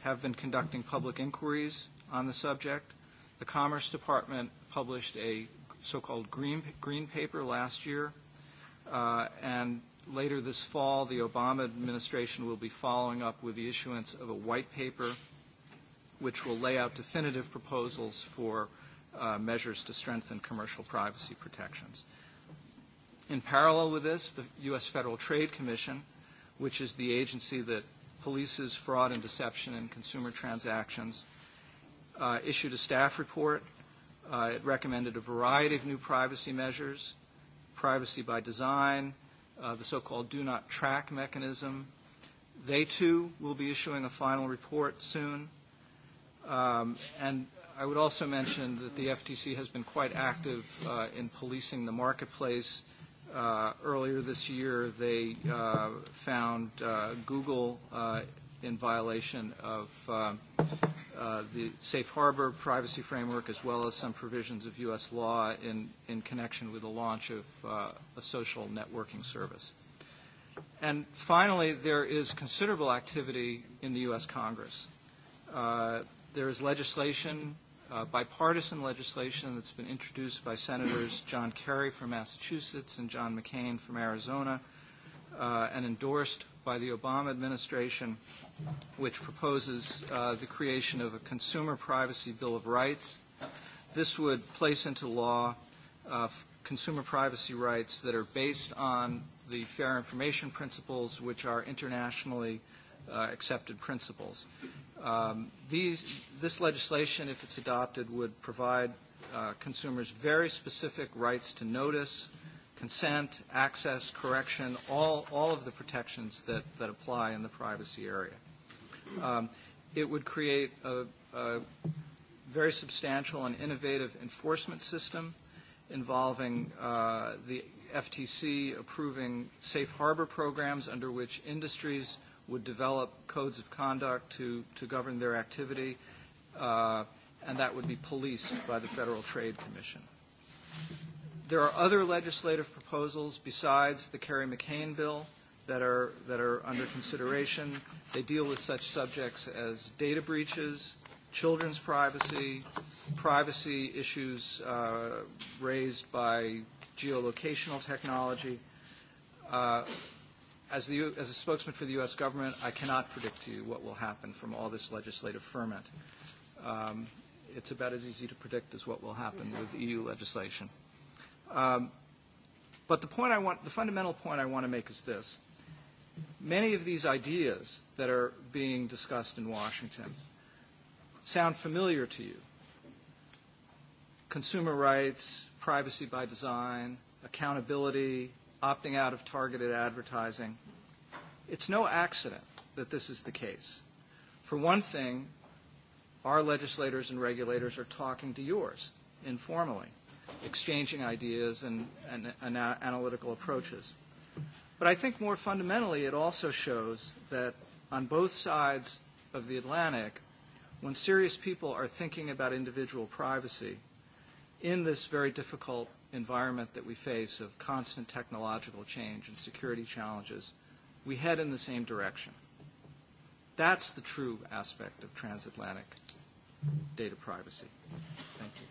have been conducting public inquiries on the subject. The Commerce Department published a so-called green, green paper last year, uh, and later this fall, the Obama administration will be following up with the issuance of a white paper, which will lay out definitive proposals for uh, measures to strengthen commercial privacy protections. Uh, In parallel with this, the U.S. Federal Trade Commission, which is the agency that polices fraud and deception in consumer transactions, uh, issued a staff report. Uh, it recommended a variety of new privacy measures, privacy by design, uh, the so-called do not track mechanism. They too will be issuing a final report soon. Um, and I would also mention that the FTC has been quite active uh, in policing the marketplace uh, earlier this year they uh, found uh, Google uh, in violation of uh, uh, the safe harbor privacy framework as well as some provisions of U.S. law in, in connection with the launch of uh, a social networking service. And finally, there is considerable activity in the U.S. Congress. Uh, there is legislation uh, bipartisan legislation that's been introduced by Senators John Kerry from Massachusetts and John McCain from Arizona uh, and endorsed by the Obama administration, which proposes uh, the creation of a Consumer Privacy Bill of Rights. This would place into law uh, f- consumer privacy rights that are based on the fair information principles, which are internationally uh, accepted principles. Um, these, this legislation, if it's adopted, would provide uh, consumers very specific rights to notice, consent, access, correction, all, all of the protections that, that apply in the privacy area. Um, it would create a, a very substantial and innovative enforcement system involving uh, the FTC approving safe harbor programs under which industries – would develop codes of conduct to, to govern their activity, uh, and that would be policed by the Federal Trade Commission. There are other legislative proposals besides the Kerry McCain bill that are, that are under consideration. They deal with such subjects as data breaches, children's privacy, privacy issues uh, raised by geolocational technology. Uh, as, the, as a spokesman for the U.S. government, I cannot predict to you what will happen from all this legislative ferment. Um, it's about as easy to predict as what will happen with EU legislation. Um, but the point I want, the fundamental point I want to make is this. Many of these ideas that are being discussed in Washington sound familiar to you. Consumer rights, privacy by design, accountability, opting out of targeted advertising. It's no accident that this is the case. For one thing, our legislators and regulators are talking to yours informally, exchanging ideas and, and, and analytical approaches. But I think more fundamentally, it also shows that on both sides of the Atlantic, when serious people are thinking about individual privacy in this very difficult environment that we face of constant technological change and security challenges, we head in the same direction. That's the true aspect of transatlantic data privacy. Thank you.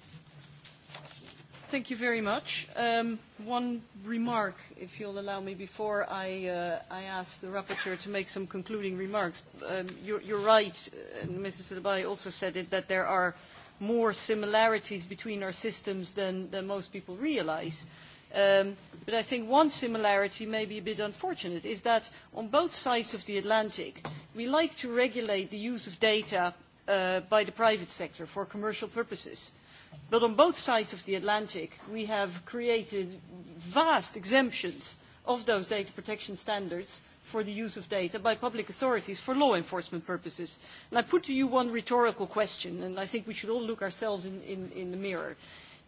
Thank you very much. Um, one remark, if you'll allow me, before I, uh, I ask the rapporteur to make some concluding remarks. Um, you're, you're right, uh, and Mrs. Sadebai also said it, that there are uh, more similarities between our systems than, than most people realize. Um, but I think one similarity may be a bit unfortunate is that on both sides of the Atlantic, we like to regulate the use of data uh, by the private sector for commercial purposes. But on both sides of the Atlantic, we have created vast exemptions of those data protection standards for the use of data by public authorities for law enforcement purposes. And I put to you one rhetorical question, and I think we should all look ourselves in, in, in the mirror.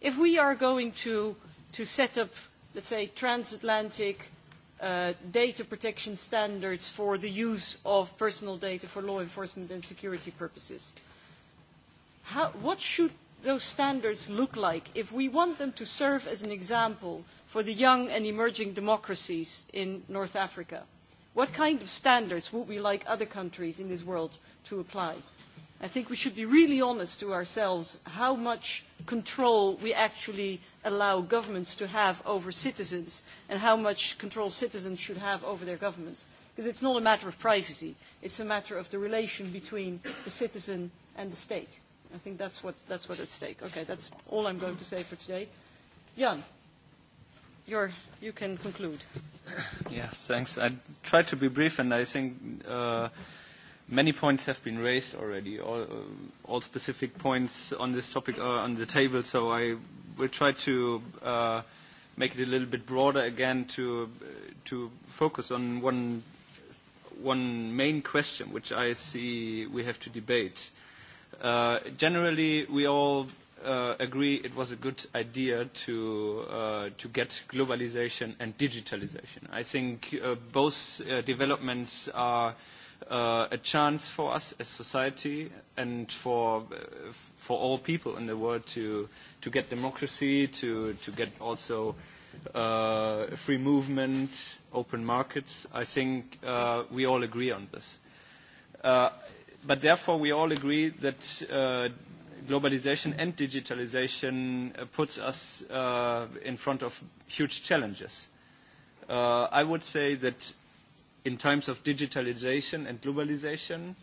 If we are going to, to set up, let's say, transatlantic uh, data protection standards for the use of personal data for law enforcement and security purposes, how, what should those standards look like if we want them to serve as an example for the young and emerging democracies in North Africa? what kind of standards would we like other countries in this world to apply? I think we should be really honest to ourselves how much control we actually allow governments to have over citizens and how much control citizens should have over their governments. Because it's not a matter of privacy, it's a matter of the relation between the citizen and the state. I think that's what, that's what at stake. Okay, that's all I'm going to say for today. Jan, you're, you can conclude. Yes, thanks. I try to be brief, and I think uh, many points have been raised already. All, uh, all specific points on this topic are on the table, so I will try to uh, make it a little bit broader again to uh, to focus on one one main question, which I see we have to debate. Uh, generally, we all uh, agree it was a good idea to uh, to get globalization and digitalization. I think uh, both uh, developments are uh, a chance for us as society and for uh, for all people in the world to to get democracy, to to get also uh, free movement, open markets. I think uh, we all agree on this. Uh, but therefore, we all agree that. Uh, globalization and digitalization uh, puts us uh, in front of huge challenges. Uh, I would say that in times of digitalization and globalization,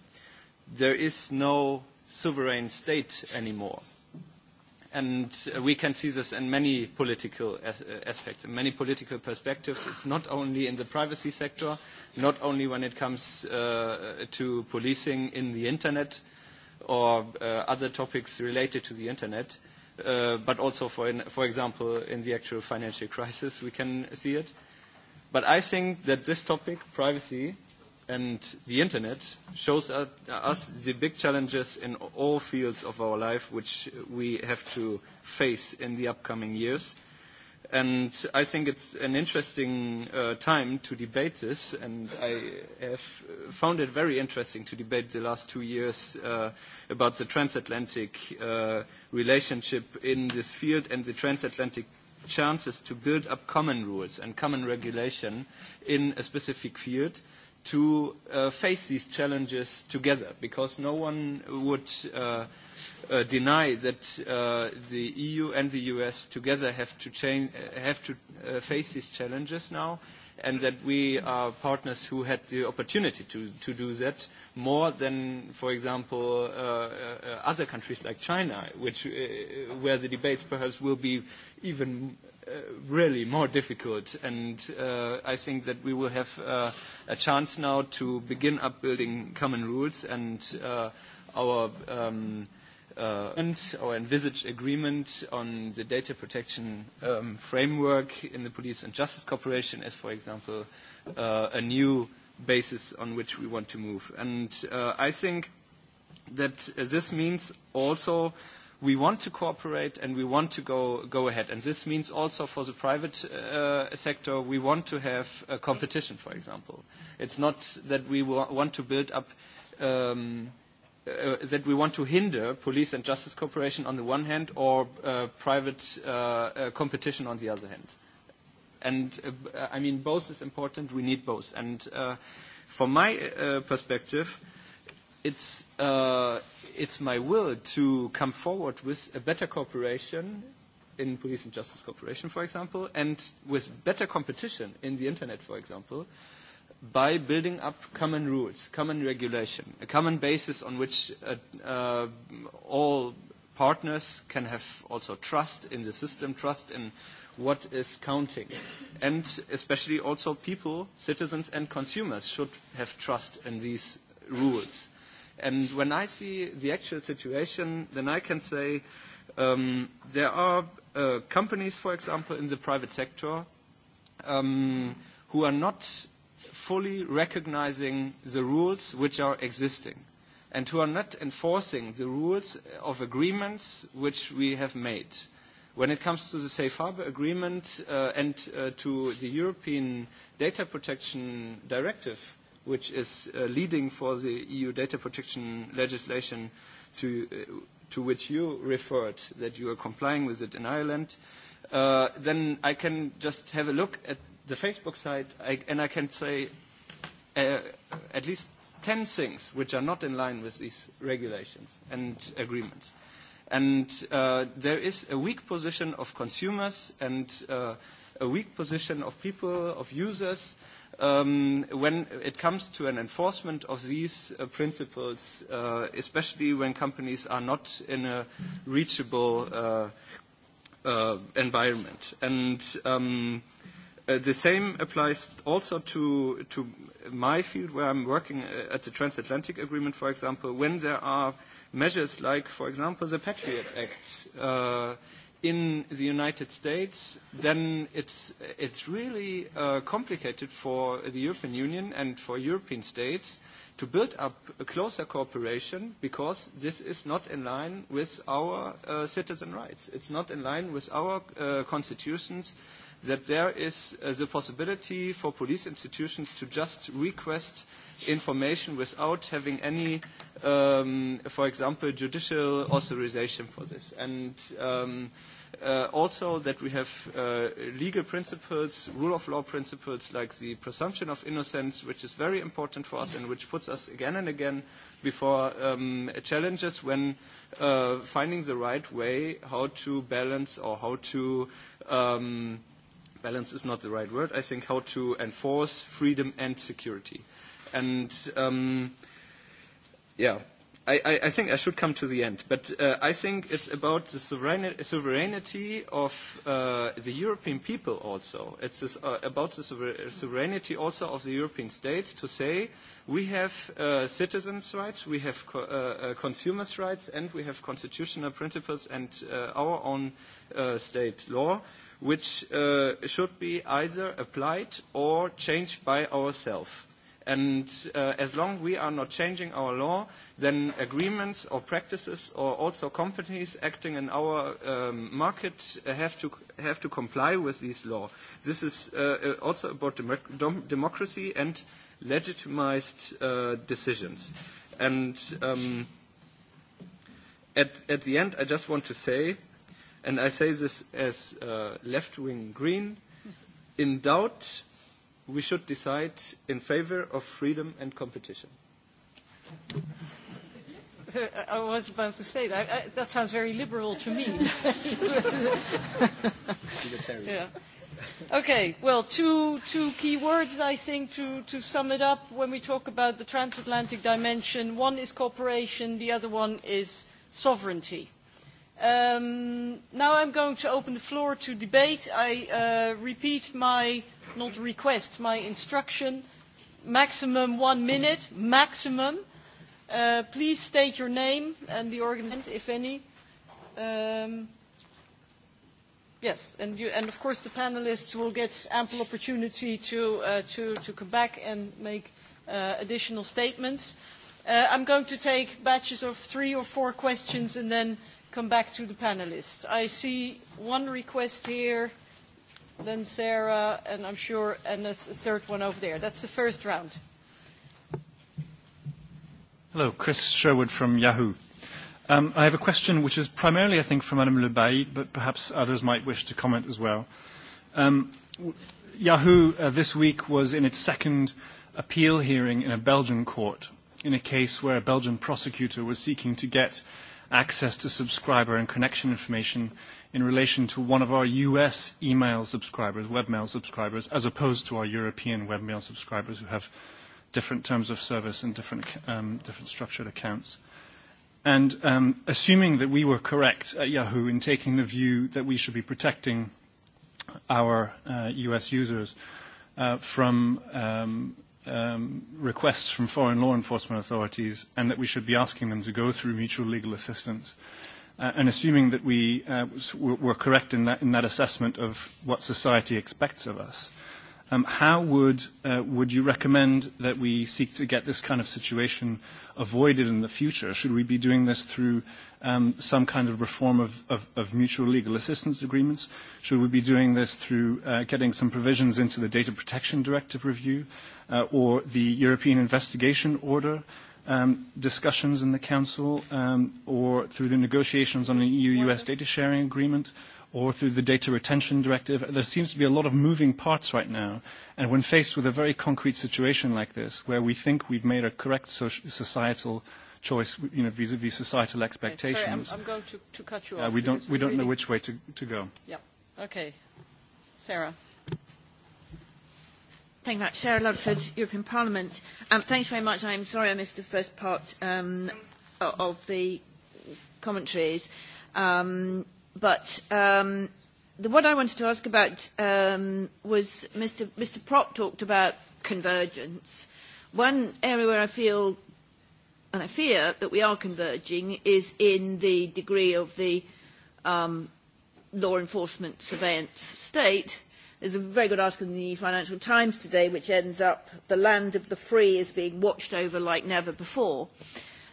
there is no sovereign state anymore. And uh, we can see this in many political as uh, aspects, in many political perspectives. It's not only in the privacy sector, not only when it comes uh, to policing in the internet, uh, or uh, other topics related to the internet, uh, but also, for, in, for example, in the actual financial crisis, we can see it. But I think that this topic, privacy and the internet, shows us the big challenges in all fields of our life which we have to face in the upcoming years. And I think it's an interesting uh, time to debate this, and I have found it very interesting to debate the last two years uh, about the transatlantic uh, relationship in this field and the transatlantic chances to build up common rules and common regulation in a specific field to uh, face these challenges together because no one would uh, uh, deny that uh, the EU and the US together have to, change, uh, have to uh, face these challenges now and that we are partners who had the opportunity to, to do that more than, for example, uh, uh, other countries like China, which, uh, where the debates perhaps will be even Uh, really more difficult. And uh, I think that we will have uh, a chance now to begin up building common rules and uh, our. Um, uh, and our envisaged agreement on the data protection um, framework in the police and justice cooperation as, for example, uh, a new basis on which we want to move. And uh, I think that uh, this means also uh, we want to cooperate and we want to go, go ahead. And this means also for the private uh, sector, we want to have a competition, for example. It's not that we wa want to build up, um, uh, that we want to hinder police and justice cooperation on the one hand or uh, private uh, uh, competition on the other hand. And uh, I mean, both is important. We need both. And uh, from my uh, perspective, it's uh, it's my will to come forward with a better cooperation in police and justice cooperation, for example, and with better competition in the internet, for example, by building up common rules, common regulation, a common basis on which uh, uh, all partners can have also trust in the system, trust in what is counting. And especially also people, citizens and consumers should have trust in these rules. And when I see the actual situation, then I can say um, there are uh, companies, for example, in the private sector um, who are not fully recognizing the rules which are existing and who are not enforcing the rules of agreements which we have made. When it comes to the Safe Harbor Agreement uh, and uh, to the European Data Protection Directive, which is uh, leading for the EU data protection legislation to, uh, to which you referred, that you are complying with it in Ireland, uh, then I can just have a look at the Facebook site I, and I can say uh, at least 10 things which are not in line with these regulations and agreements. And uh, there is a weak position of consumers and uh, a weak position of people, of users, uh, um, when it comes to an enforcement of these uh, principles, uh, especially when companies are not in a reachable uh, uh, environment. And um, uh, the same applies also to, to my field where I'm working uh, at the Transatlantic Agreement, for example, when there are measures like, for example, the Patriot Act. Uh, in the United States, then it's, it's really uh, complicated for the European Union and for European states to build up a closer cooperation because this is not in line with our uh, citizen rights. It's not in line with our uh, constitutions that there is uh, the possibility for police institutions to just request information without having any, um, for example, judicial authorization for this. And um, uh, also that we have uh, legal principles, rule of law principles like the presumption of innocence, which is very important for us and which puts us again and again before um, challenges when uh, finding the right way how to balance or how to um, balance is not the right word, I think, how to enforce freedom and security. And um, yeah. I, I, I think I should come to the end, but uh, I think it's about the sovereign, sovereignty of uh, the European people also. It's this, uh, about the sovereignty also of the European states to say we have uh, citizens' rights, we have co- uh, uh, consumers' rights, and we have constitutional principles and uh, our own uh, state law, which uh, should be either applied or changed by ourselves. And uh, as long we are not changing our law, then agreements or practices or also companies acting in our um, market have to have to comply with this law. This is uh, uh also about dem dem democracy and legitimized uh, decisions. And um, at, at the end, I just want to say, and I say this as uh, left-wing green, in doubt, we should decide in favor of freedom and competition. Uh, I was about to say that. I, I, that sounds very liberal to me. yeah. Okay, well, two, two key words, I think, to, to sum it up when we talk about the transatlantic dimension. One is cooperation, the other one is sovereignty. Um, now I'm going to open the floor to debate. I uh, repeat my not request, my instruction. Maximum one minute, maximum. Uh, please state your name and the organization, if any. Um, yes, and, you, and of course the panelists will get ample opportunity to, uh, to, to come back and make uh, additional statements. Uh, I'm going to take batches of three or four questions and then come back to the panelists. I see one request here then Sarah, and I'm sure, and the third one over there. That's the first round. Hello, Chris Sherwood from Yahoo. Um, I have a question which is primarily, I think, from Madame Le Bailly, but perhaps others might wish to comment as well. Um, Yahoo uh, this week was in its second appeal hearing in a Belgian court in a case where a Belgian prosecutor was seeking to get access to subscriber and connection information in relation to one of our U.S. email subscribers, webmail subscribers, as opposed to our European webmail subscribers who have different terms of service and different um, structured accounts. Um, assuming that we were correct at Yahoo in taking the view that we should be protecting our U.S. Uh, users uh, from um, requests from foreign law enforcement authorities, and that we should be asking them to go through mutual legal assistance, Uh, and assuming that we uh, were correct in that, in that assessment of what society expects of us, um, how would, uh, would you recommend that we seek to get this kind of situation avoided in the future? Should we be doing this through um, some kind of reform of, of, of mutual legal assistance agreements? Should we be doing this through uh, getting some provisions into the Data Protection Directive review uh, or the European Investigation Order? um, discussions in the Council um, or through the negotiations on an EU-US data sharing agreement or through the data retention directive. There seems to be a lot of moving parts right now. And when faced with a very concrete situation like this, where we think we've made a correct societal choice you know, vis-a-vis societal expectations. Okay, sorry, I'm, I'm going to, to cut you uh, off. We don't, we don't really know which way to, to go. Yep. Okay. Sarah. Thank you very much. Sarah Ludford, European Parliament. Um, thanks very much. I'm sorry I missed the first part um, of the commentaries. Um, but um, the, what I wanted to ask about um, was Mr. Mr. Prop talked about convergence. One area where I feel and I fear that we are converging is in the degree of the um, law enforcement surveillance state There's a very good article in the Financial Times today which ends up the land of the free is being watched over like never before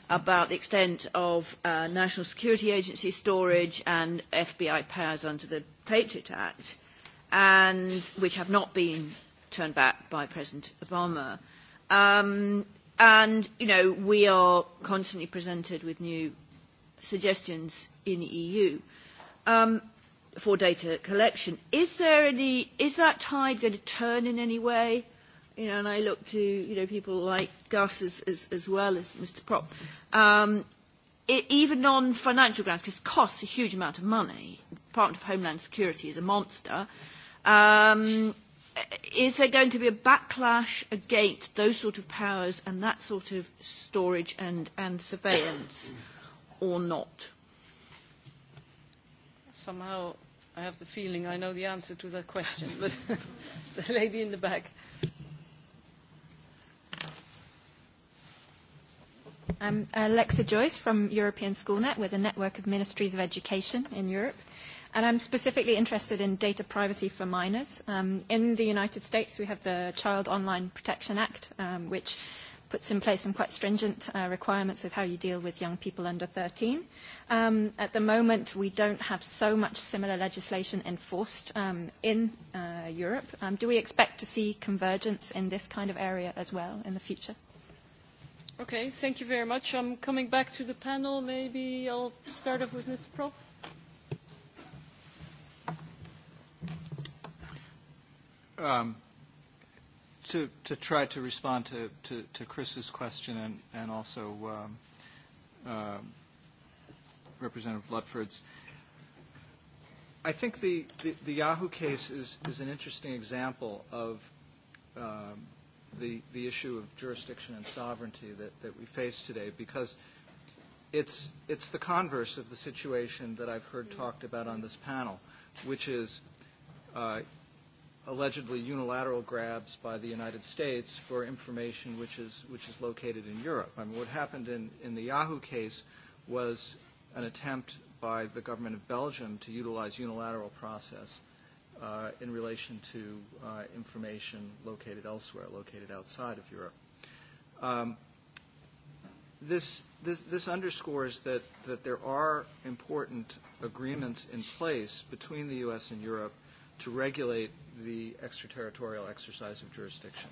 about the extent of uh, National Security Agency storage and FBI powers under the Patriot Act, and which have not been turned back by President Obama. Um, and, you know, we are constantly presented with new suggestions in the EU. Um, for data collection. Is there any, is that tide going to turn in any way? You know, and I look to, you know, people like Gus as, as, as well as Mr. Prop. Um, e, it, even on financial grounds, because costs a huge amount of money, Department of Homeland Security is a monster. Um, is there going to be a backlash against those sort of powers and that sort of storage and, and surveillance or not? somehow I have the feeling I know the answer to that question, but the lady in the back. I'm Alexa Joyce from European SchoolNet with a network of ministries of education in Europe. And I'm specifically interested in data privacy for minors. Um, in the United States, we have the Child Online Protection Act, um, which puts in place some quite stringent uh, requirements with how you deal with young people under 13. Um, at the moment, we don't have so much similar legislation enforced um, in uh, Europe. Um, do we expect to see convergence in this kind of area as well in the future? Okay, thank you very much. I'm coming back to the panel. Maybe I'll start off with Mr. Prop. Um, to, to try to respond to, to, to Chris's question and, and also um, uh, Representative Lutford's. I think the, the, the Yahoo case is, is an interesting example of um, the, the issue of jurisdiction and sovereignty that, that we face today because it's, it's the converse of the situation that I've heard talked about on this panel, which is uh, allegedly unilateral grabs by the United States for information which is, which is located in Europe. I mean, what happened in, in the Yahoo case was an attempt by the government of Belgium to utilize unilateral process uh, in relation to uh, information located elsewhere, located outside of Europe. Um, this, this, this underscores that, that there are important agreements in place between the U.S. and Europe to regulate the extraterritorial exercise of jurisdiction.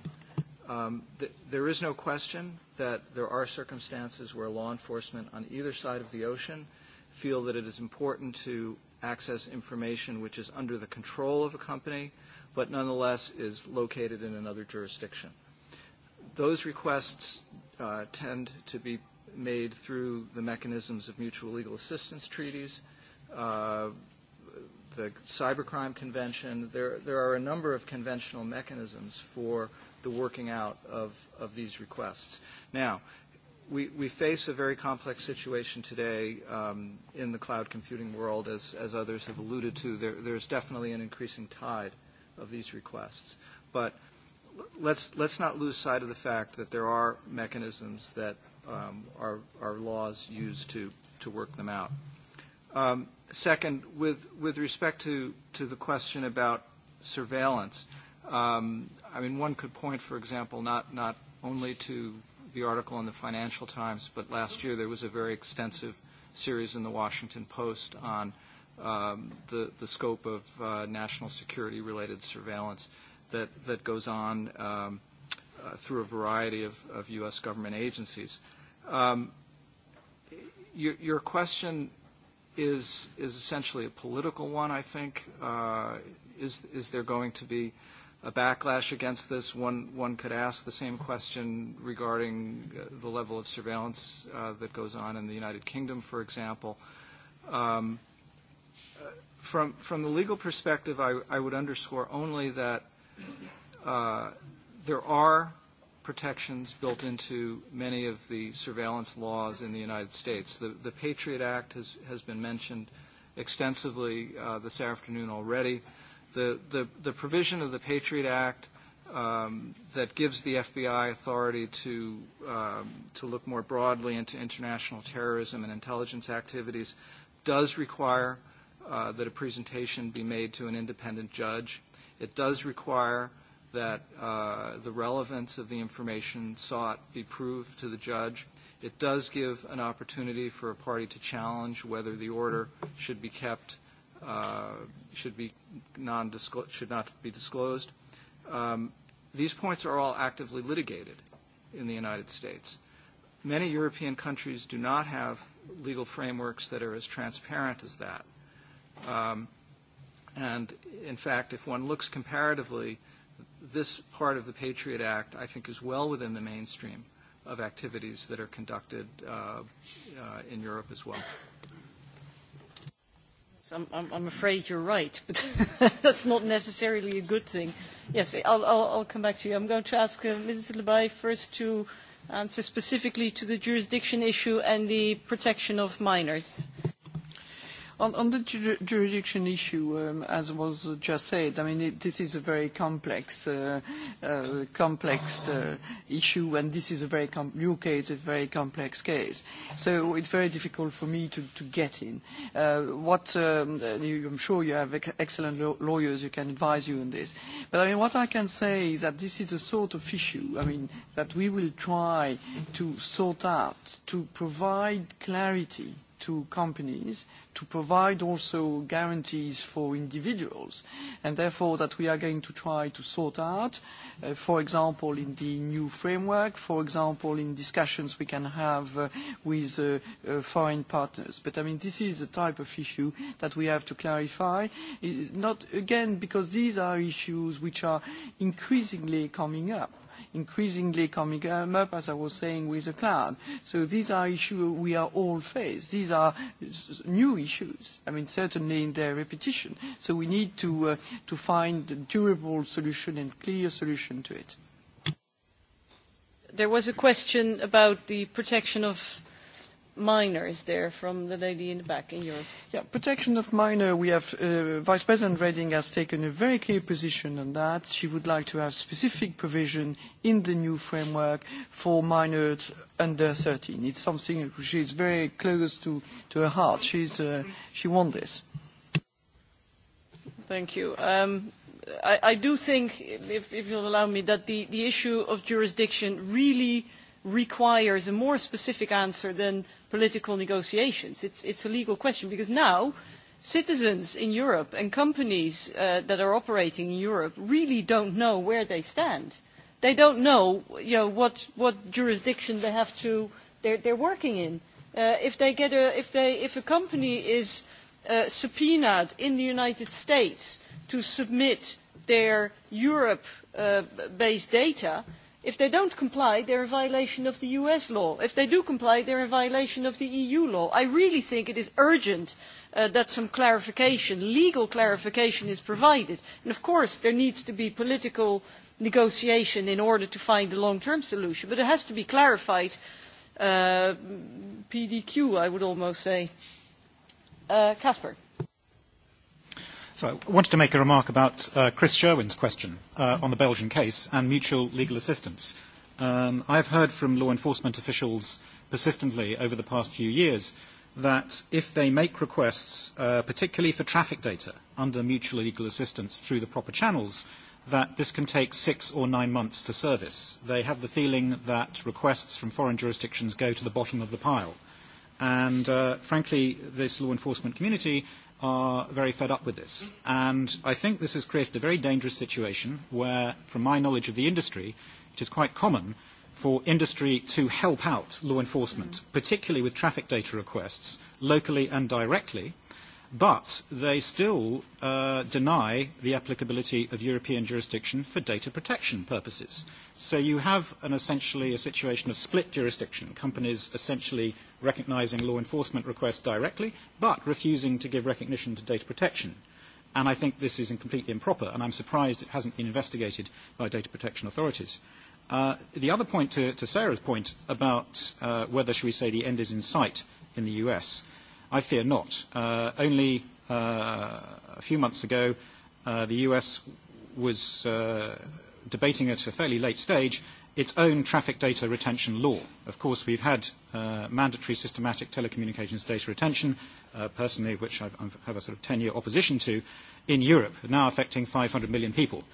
Um, th- there is no question that there are circumstances where law enforcement on either side of the ocean feel that it is important to access information which is under the control of a company, but nonetheless is located in another jurisdiction. Those requests uh, tend to be made through the mechanisms of mutual legal assistance treaties. Uh, the Cybercrime Convention. There, there are a number of conventional mechanisms for the working out of, of these requests. Now, we, we face a very complex situation today um, in the cloud computing world, as, as others have alluded to. There, there's definitely an increasing tide of these requests. But let's, let's not lose sight of the fact that there are mechanisms that um, our, our laws use to, to work them out. Um, second, with, with respect to, to the question about surveillance, um, I mean, one could point, for example, not, not only to the article in the Financial Times, but last year there was a very extensive series in the Washington Post on um, the, the scope of uh, national security-related surveillance that, that goes on um, uh, through a variety of, of U.S. government agencies. Um, your, your question is is essentially a political one. I think uh, is is there going to be a backlash against this? One one could ask the same question regarding uh, the level of surveillance uh, that goes on in the United Kingdom, for example. Um, from from the legal perspective, I, I would underscore only that uh, there are protections built into many of the surveillance laws in the United States. The, the Patriot Act has, has been mentioned extensively uh, this afternoon already. The, the, the provision of the Patriot Act um, that gives the FBI authority to, um, to look more broadly into international terrorism and intelligence activities does require uh, that a presentation be made to an independent judge. It does require uh, that uh, the relevance of the information sought be proved to the judge. It does give an opportunity for a party to challenge whether the order should be kept, uh, should be non should not be disclosed. Um, these points are all actively litigated in the United States. Many European countries do not have legal frameworks that are as transparent as that. Um, and in fact, if one looks comparatively this part of the Patriot Act, I think, is well within the mainstream of activities that are conducted uh, uh, in Europe as well. So I'm, I'm, I'm afraid you're right, but that's not necessarily a good thing. Yes, I'll, I'll, I'll come back to you. I'm going to ask uh, Mrs. Lebay first to answer specifically to the jurisdiction issue and the protection of minors. On the jurisdiction issue, um, as was just said, I mean, this is a very complex uh, uh, uh, issue, and this is a very complex case, a very complex case. So it's very difficult for me to get in. Um, I'm sure you have excellent lawyers who can advise you on this. But I mean, what I can say is that this is a sort of issue, I mean, that we will try to sort out, to provide clarity to companies, to provide also guarantees for individuals, and therefore that we are going to try to sort out, uh, for example, in the new framework, for example, in discussions we can have uh, with uh, uh, foreign partners. But I mean, this is the type of issue that we have to clarify, not again, because these are issues which are increasingly coming up increasingly coming um, up, as I was saying, with the cloud. These are issue we are all faced. These are new issues, I mean, certainly in their repetition. We need uh, to find a durable solution and clear solution to it. There was a question about the protection of minors there from the lady in the back in Europe. Yeah, protection of minor. We have uh, Vice President Reding has taken a very clear position on that. She would like to have specific provision in the new framework for minors under 13. It's something which is very close to, to her heart. She's, uh, she wants this. Thank you. Um, I, I do think, if, if you'll allow me, that the, the issue of jurisdiction really requires a more specific answer than political negotiations. It's, it's a legal question because now citizens in Europe and companies uh, that are operating in Europe really don't know where they stand. They don't know, you know what, what jurisdiction they have to, they're, they're working in. Uh, if, they get a, if, they, if a company is uh, subpoenaed in the United States to submit their Europe-based uh, data, if they do not comply they are in violation of us law and if they do comply they are in violation of eu e law. i really think it is urgent uh, that some clarification legal clarification is provided and of course there needs to be political negotiation in order to find a long term solution but it has to be clarified uh, pdq i would almost say. Uh, So I wanted to make a remark about uh, Chris Sherwin's question uh, on the Belgian case and mutual legal assistance. Um, I have heard from law enforcement officials persistently over the past few years that if they make requests, uh, particularly for traffic data under mutual legal assistance through the proper channels, that this can take six or nine months to service. They have the feeling that requests from foreign jurisdictions go to the bottom of the pile. And uh, frankly, this law enforcement community are very fed up with this. And I think this has created a very dangerous situation where, from my knowledge of the industry, it is quite common for industry to help out law enforcement, mm-hmm. particularly with traffic data requests, locally and directly, but they still uh, deny the applicability of European jurisdiction for data protection purposes. So you have an essentially a situation of split jurisdiction, companies essentially recognizing law enforcement requests directly, but refusing to give recognition to data protection. And I think this is completely improper, and I'm surprised it hasn't been investigated by data protection authorities. Uh, the other point to, to Sarah's point about uh, whether, should we say, the end is in sight in the US, I fear not. Uh, only uh, a few months ago, uh, the US was uh, debating at a fairly late stage its own traffic data retention law. Of course, we've had uh, mandatory systematic telecommunications data retention, uh, personally, which I have a sort of 10-year opposition to, in Europe, now affecting 500 million people.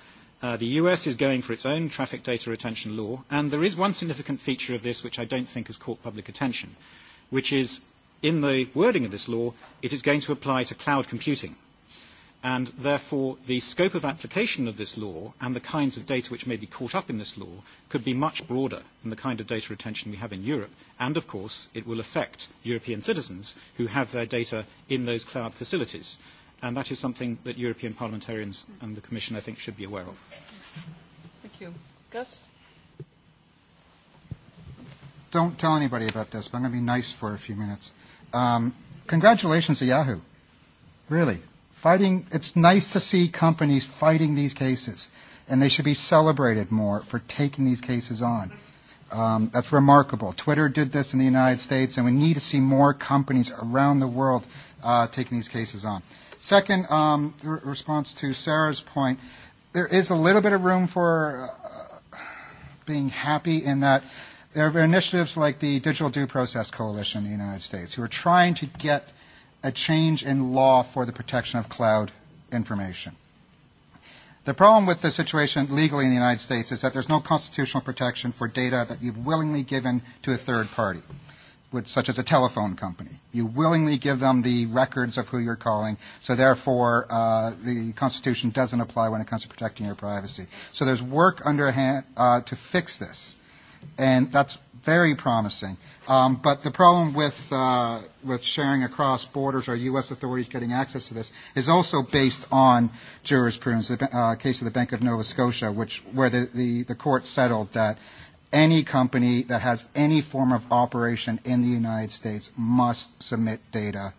Uh, the US is going for its own traffic data retention law, and there is one significant feature of this which I don't think has caught public attention, which is in the wording of this law, it is going to apply to cloud computing and therefore the scope of application of this law and the kinds of data which may be caught up in this law could be much broader than the kind of data retention we have in Europe. And of course, it will affect European citizens who have their data in those cloud facilities. And that is something that European parliamentarians and the Commission, I think, should be aware of. Thank you. Gus? Don't tell anybody about this, but I'm going to be nice for a few minutes. Um, congratulations to Yahoo. Really, fighting it's nice to see companies fighting these cases and they should be celebrated more for taking these cases on um, that's remarkable twitter did this in the united states and we need to see more companies around the world uh, taking these cases on second um, th- response to sarah's point there is a little bit of room for uh, being happy in that there are initiatives like the digital due process coalition in the united states who are trying to get uh, a change in law for the protection of cloud information. The problem with the situation legally in the United States is that there's no constitutional protection for data that you've willingly given to a third party, which, such as a telephone company. You willingly give them the records of who you're calling, so therefore uh, the Constitution doesn't apply when it comes to protecting your privacy. So there's work underhand uh, to fix this, and that's very promising. Um, but the problem with, uh, with sharing across borders or U.S. authorities getting access to this is also based on jurisprudence, the uh, case of the Bank of Nova Scotia, which, where the, the, the court settled that any company that has any form of operation in the United States must submit data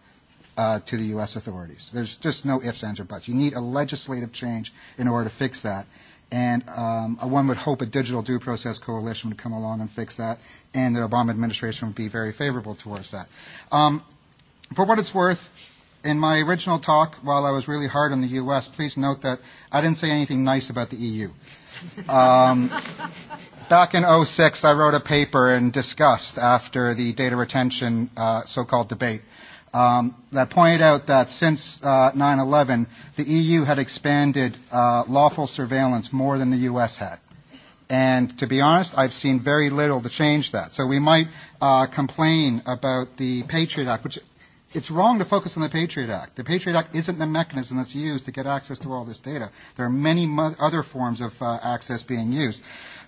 uh, to the U.S. authorities. There's just no ifs, ands, or buts. You need a legislative change in order to fix that. And um, a uh, one would hope a digital due process coalition would come along and fix that, and the Obama administration would be very favorable towards that. Um, for what it's worth, in my original talk, while I was really hard on the US, please note that I didn't say anything nice about the EU. Um, back in 06, I wrote a paper in disgust after the data retention uh, so called debate um, that pointed out that since uh, 9/11, the EU had expanded uh, lawful surveillance more than the U.S. had. And to be honest, I've seen very little to change that. So we might uh, complain about the Patriot Act, which it's wrong to focus on the Patriot Act. The Patriot Act isn't the mechanism that's used to get access to all this data. There are many mo- other forms of uh, access being used.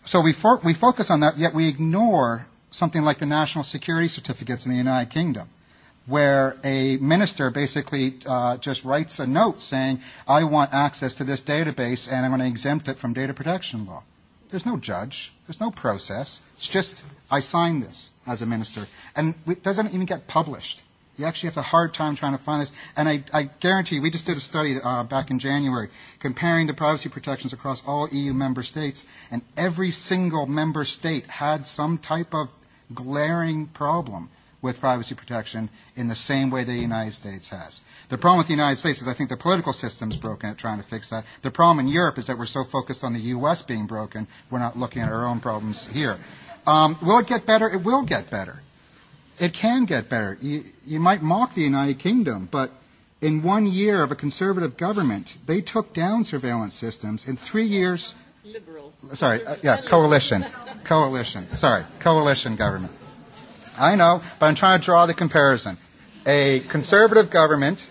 So we, for- we focus on that, yet we ignore something like the national security certificates in the United Kingdom where a minister basically uh, just writes a note saying, I want access to this database and I'm going to exempt it from data protection law. There's no judge, there's no process. It's just, I signed this as a minister. And it doesn't even get published. You actually have a hard time trying to find this. And I, I guarantee you, we just did a study uh, back in January comparing the privacy protections across all EU member states, and every single member state had some type of glaring problem with privacy protection in the same way the United States has. The problem with the United States is I think the political system's broken at trying to fix that. The problem in Europe is that we're so focused on the U.S. being broken, we're not looking at our own problems here. Um, will it get better? It will get better. It can get better. You, you might mock the United Kingdom, but in one year of a conservative government, they took down surveillance systems. In three years, liberal. Sorry, uh, yeah, coalition, coalition. Sorry, coalition government. I know, but I'm trying to draw the comparison. A conservative government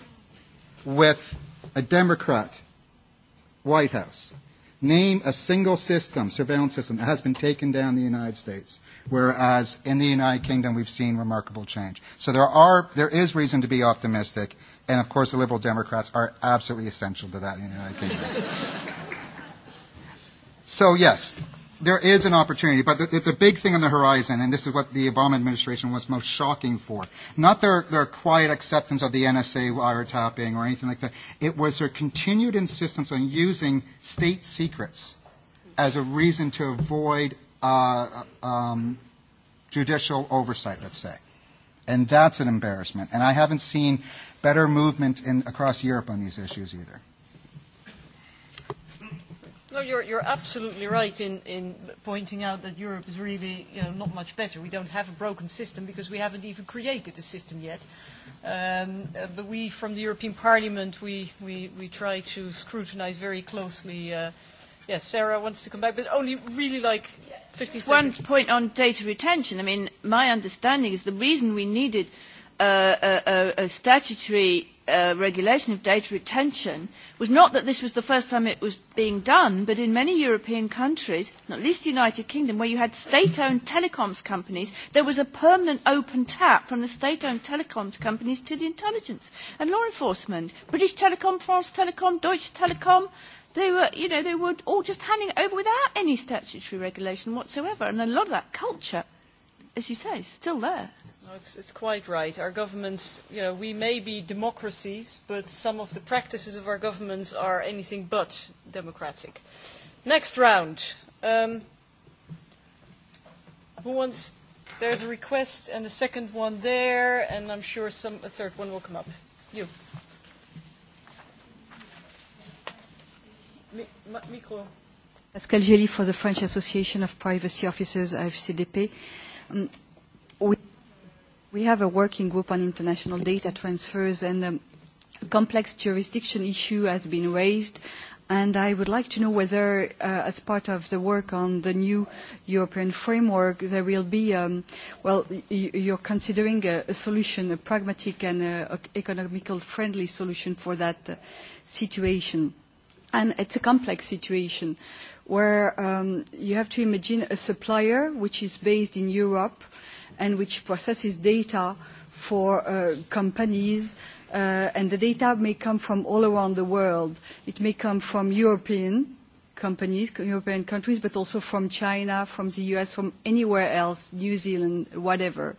with a Democrat White House. Name a single system, surveillance system, that has been taken down in the United States, whereas in the United Kingdom we've seen remarkable change. So there, are, there is reason to be optimistic, and of course the Liberal Democrats are absolutely essential to that in the United Kingdom. so, yes, there is an opportunity, but the, the, the big thing on the horizon, and this is what the Obama administration was most shocking for, not their, their quiet acceptance of the NSA wiretapping or anything like that, it was their continued insistence on using state secrets as a reason to avoid uh, uh, um, judicial oversight, let's say. And that's an embarrassment. And I haven't seen better movement in, across Europe on these issues either. No, you're, you're absolutely right in, in pointing out that Europe is really you know, not much better. We don't have a broken system because we haven't even created a system yet. Um, uh, but we, from the European Parliament, we, we, we try to scrutinize very closely. Uh, yes, yeah, Sarah wants to come back, but only really like 50 seconds. One point on data retention. I mean, my understanding is the reason we needed uh, a, a, a statutory uh, regulation of data retention was not that this was the first time it was being done, but in many European countries, not least the United Kingdom, where you had state-owned telecoms companies, there was a permanent open tap from the state-owned telecoms companies to the intelligence and law enforcement. British Telecom, France Telecom, Deutsche Telecom, they were, you know, they were all just handing it over without any statutory regulation whatsoever. And a lot of that culture, as you say, is still there. No, it's, it's quite right. Our governments, you know, we may be democracies, but some of the practices of our governments are anything but democratic. Next round. Um, who wants? There's a request and a second one there, and I'm sure some, a third one will come up. You. Micro. Pascal Gély for the French Association of Privacy Officers, AFCDP. Um, we We have a working group on international data transfers and a complex jurisdiction issue has been raised. And I would like to know whether, uh, as part of the work on the new European framework, there will be, um, well, y- you're considering a, a solution, a pragmatic and a, uh, a economical friendly solution for that uh, situation. And it's a complex situation where um, you have to imagine a supplier which is based in Europe and which processes data for uh, companies. Uh, and the data may come from all around the world. It may come from European companies, European countries, but also from China, from the US, from anywhere else, New Zealand, whatever.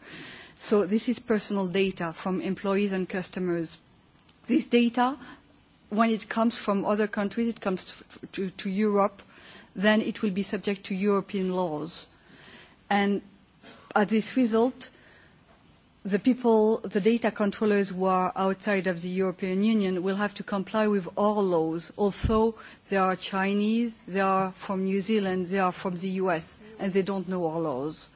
So this is personal data from employees and customers. This data, when it comes from other countries, it comes to, to, to Europe, then it will be subject to European laws. And as this result, the people, the data controllers who are outside of the European Union will have to comply with all laws, although they are Chinese, they are from New Zealand, they are from the US, and they don't know our laws.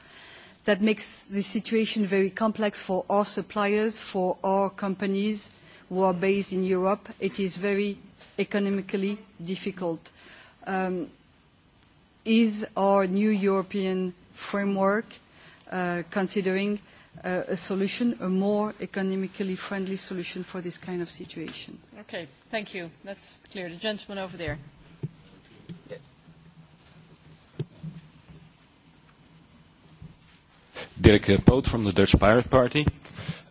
That makes the situation very complex for our suppliers, for our companies who are based in Europe. It is very economically difficult. Um, is our new European framework uh, Uh, considering uh, a solution, a more economically friendly solution for this kind of situation. Okay, thank you. That's clear. The gentleman over there. Dirk Poot from the Dutch Pirate Party.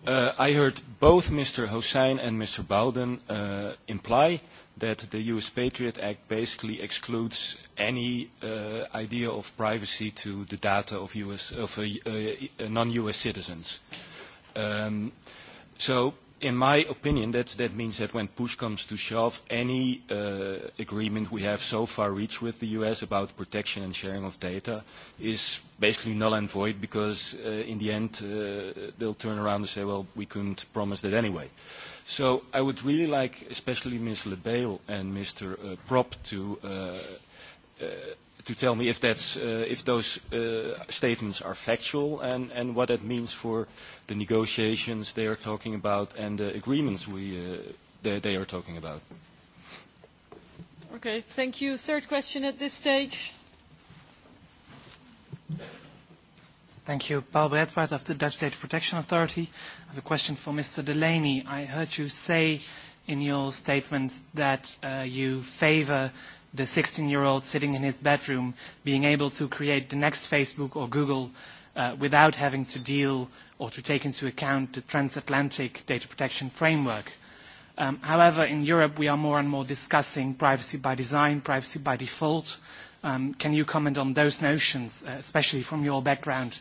Uh, I heard both Mr. Hossein and Mr. Bouden uh, imply that the US Patriot Act basically excludes any uh, idea of privacy to the data of, US, of a, uh, a, uh, a non-US citizens. Um, so in my opinion, that's, that means that when push comes to shove, any uh, agreement we have so far reached with the US about protection and sharing of data is basically null and void because uh, in the end, uh, they'll turn around and say, well, we couldn't promise that anyway. Uh, So I would really like, especially Ms. LeBale and Mr. Uh, Prop, to uh, uh, to tell me if that's uh, if those uh, statements are factual and and what that means for the negotiations they are talking about and the agreements we uh, they, they are talking about. Okay, thank you. Third question at this stage. Yeah. Thank you. Paul Breitbart of the Dutch Data Protection Authority. I have a question for Mr. Delaney. I heard you say in your statement that uh, you favor the 16-year-old sitting in his bedroom being able to create the next Facebook or Google uh, without having to deal or to take into account the transatlantic data protection framework. Um, however, in Europe, we are more and more discussing privacy by design, privacy by default, uh, Um, can you comment on those notions, uh, especially from your background?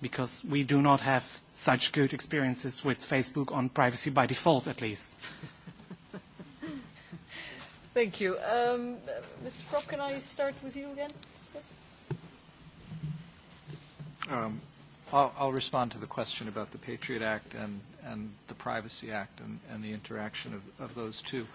Because we do not have such good experiences with Facebook on privacy by default, at least. Thank you. Um, Mr. Krop, can I start with you again? Yes. Um, I'll, I'll respond to the question about the Patriot Act and, and the Privacy Act and, and the interaction of, of those two.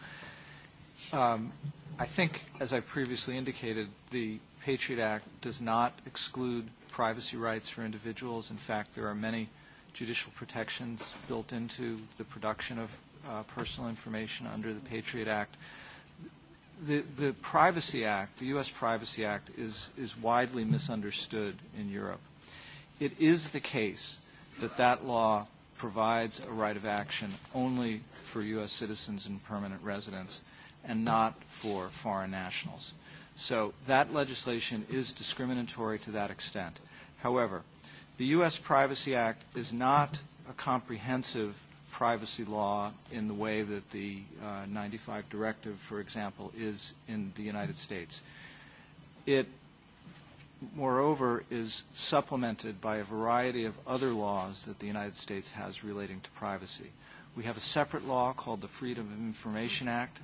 Um, I think, as I previously indicated, the Patriot Act does not exclude privacy rights for individuals. In fact, there are many judicial protections built into the production of uh, personal information under the Patriot Act. The, the Privacy Act, the U.S. Privacy Act, is, is widely misunderstood in Europe. It is the case that that law provides a right of action only for U.S. citizens and permanent residents and not for foreign nationals. So that legislation is discriminatory to that extent. However, the U.S. Privacy Act is not a comprehensive privacy law in the way that the uh, 95 directive, for example, is in the United States. It, moreover, is supplemented by a variety of other laws that the United States has relating to privacy. We have a separate law called the Freedom of Information Act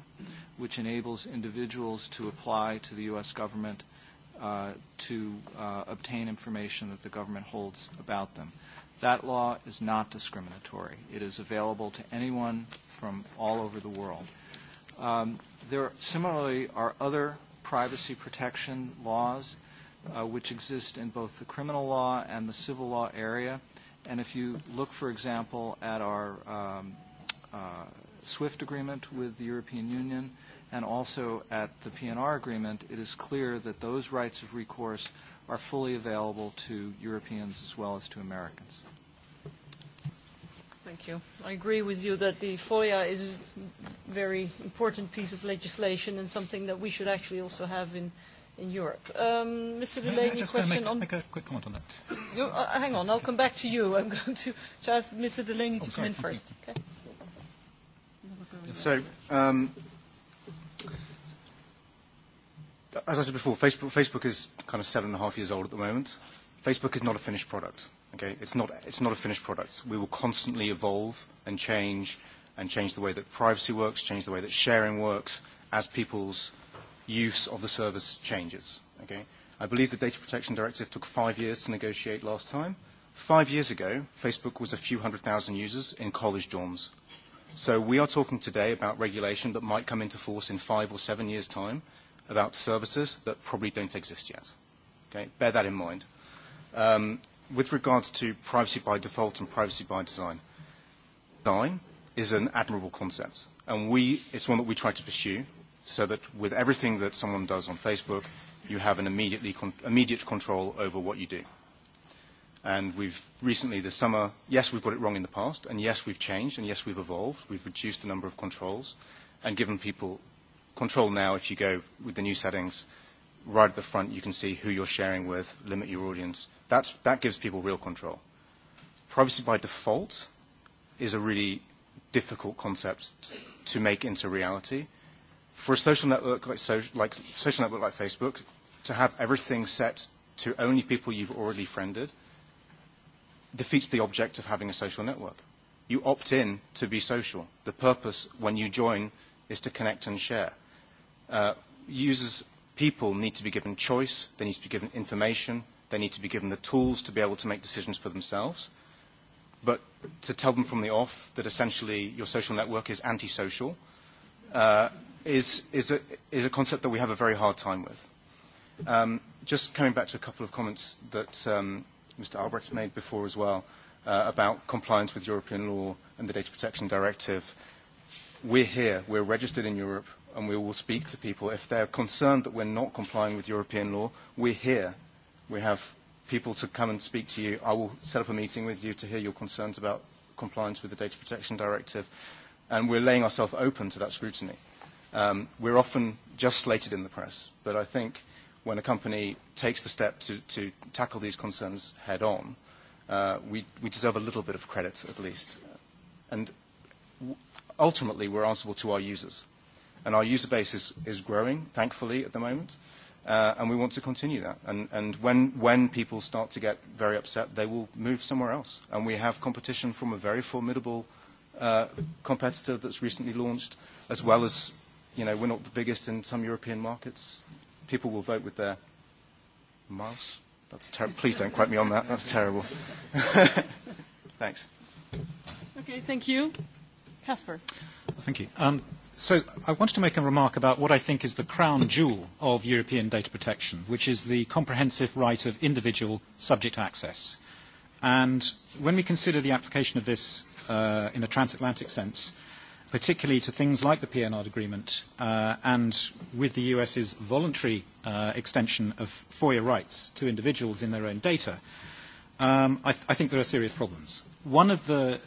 which enables individuals to apply to the U.S. government uh, to uh, obtain information that the government holds about them. That law is not discriminatory. It is available to anyone from all over the world. Um, there similarly are other privacy protection laws uh, which exist in both the criminal law and the civil law area. And if you look, for example, at our um, uh, SWIFT agreement with the European Union and also at the PNR agreement, it is clear that those rights of recourse are fully available to Europeans as well as to Americans. Thank you. I agree with you that the FOIA is a very important piece of legislation and something that we should actually also have in, in Europe. Um, Mr. Yeah, Delaney, just question make, on... make a quick comment on that. You, uh, hang on, I'll come back to you. I'm going to, to ask Mr. Delaney oh, to sorry, come in first. Okay. So, um, as I said before, Facebook, Facebook is kind of seven and a half years old at the moment. Facebook is not a finished product. Okay, it's not it's not a finished product. We will constantly evolve and change, and change the way that privacy works, change the way that sharing works as people's use of the service changes. Okay, I believe the data protection directive took five years to negotiate last time. Five years ago, Facebook was a few hundred thousand users in college dorms So we are talking today about regulation that might come into force in five or seven years' time about services that probably don't exist yet. Okay, bear that in mind. Um, with regards to privacy by default and privacy by design, design is an admirable concept. And we, it's one that we try to pursue so that with everything that someone does on Facebook, you have an immediately con- immediate control over what you do. And we've recently, this summer, yes, we've got it wrong in the past, and yes, we've changed, and yes, we've evolved. We've reduced the number of controls and given people control now. If you go with the new settings, right at the front, you can see who you're sharing with, limit your audience. That's, that gives people real control. Privacy by default is a really difficult concept to make into reality. For a social network like, so, like, social network like Facebook, to have everything set to only people you've already friended, defeats the object of having a social network. You opt in to be social. The purpose when you join is to connect and share. Uh, users, people need to be given choice, they need to be given information, they need to be given the tools to be able to make decisions for themselves. But to tell them from the off that essentially your social network is antisocial uh, is, is, a, is a concept that we have a very hard time with. Um, just coming back to a couple of comments that um, Mr. Albrecht made before as well uh, about compliance with European law and the Data Protection Directive. We're here, we're registered in Europe, and we will speak to people. If they're concerned that we're not complying with European law, we're here. We have people to come and speak to you. I will set up a meeting with you to hear your concerns about compliance with the Data Protection Directive. And we're laying ourselves open to that scrutiny. Um, we're often just slated in the press, but I think when a company takes the step to, to tackle these concerns head on, uh, we, we deserve a little bit of credit at least. And w- ultimately, we're answerable to our users. And our user base is, is growing, thankfully, at the moment. Uh, and we want to continue that. And, and when, when people start to get very upset, they will move somewhere else. And we have competition from a very formidable uh, competitor that's recently launched, as well as, you know, we're not the biggest in some European markets people will vote with their mouse. That's ter- Please don't quote me on that. That's terrible. Thanks. Okay, thank you. Casper. Thank you. Um, so I wanted to make a remark about what I think is the crown jewel of European data protection, which is the comprehensive right of individual subject access. And when we consider the application of this uh, in a transatlantic sense, uh, particularly to things like the PNR agreement uh, and with the US's voluntary uh, extension of FOIA rights to individuals in their own data, um, I, th- I think there are serious problems. One of the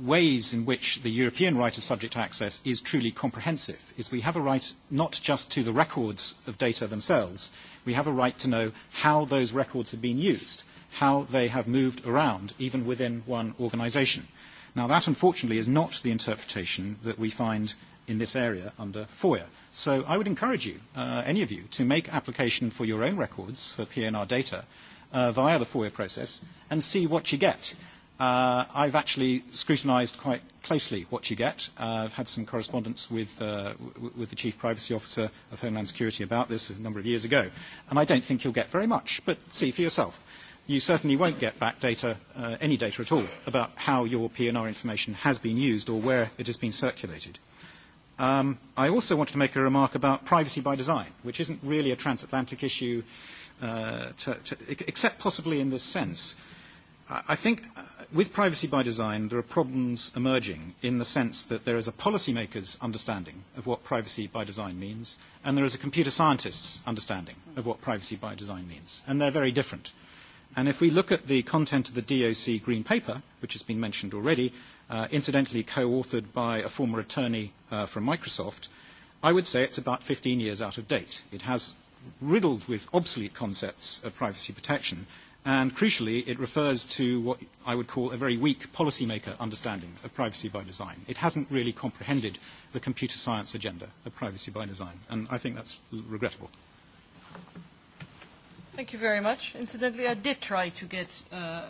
ways in which the European right of subject access is truly comprehensive is we have a right not just to the records of data themselves, we have a right to know how those records have been used, how they have moved around, even within one organization. Uh, Now, that unfortunately is not the interpretation that we find in this area under FOIA. So I would encourage you, uh, any of you, to make application for your own records for PNR data uh, via the FOIA process and see what you get. Uh, I've actually scrutinized quite closely what you get. Uh, I've had some correspondence with, uh, w- with the Chief Privacy Officer of Homeland Security about this a number of years ago, and I don't think you'll get very much, but see for yourself you certainly won't get back data, uh, any data at all, about how your PNR information has been used or where it has been circulated. Um, I also wanted to make a remark about privacy by design, which isn't really a transatlantic issue, uh, to, to, e, except possibly in this sense. I, I think uh, with privacy by design, there are problems emerging in the sense that there is a policymaker's understanding of what privacy by design means, and there is a computer scientist's understanding of what privacy by design means, and they're very different. Uh, And if we look at the content of the DOC Green Paper, which has been mentioned already, uh, incidentally co authored by a former attorney uh, from Microsoft, I would say it's about 15 years out of date. It has riddled with obsolete concepts of privacy protection, and crucially, it refers to what I would call a very weak policymaker understanding of privacy by design. It hasn't really comprehended the computer science agenda of privacy by design, and I think that's regrettable. Thank you very much. Incidentally, I did try to get uh, uh,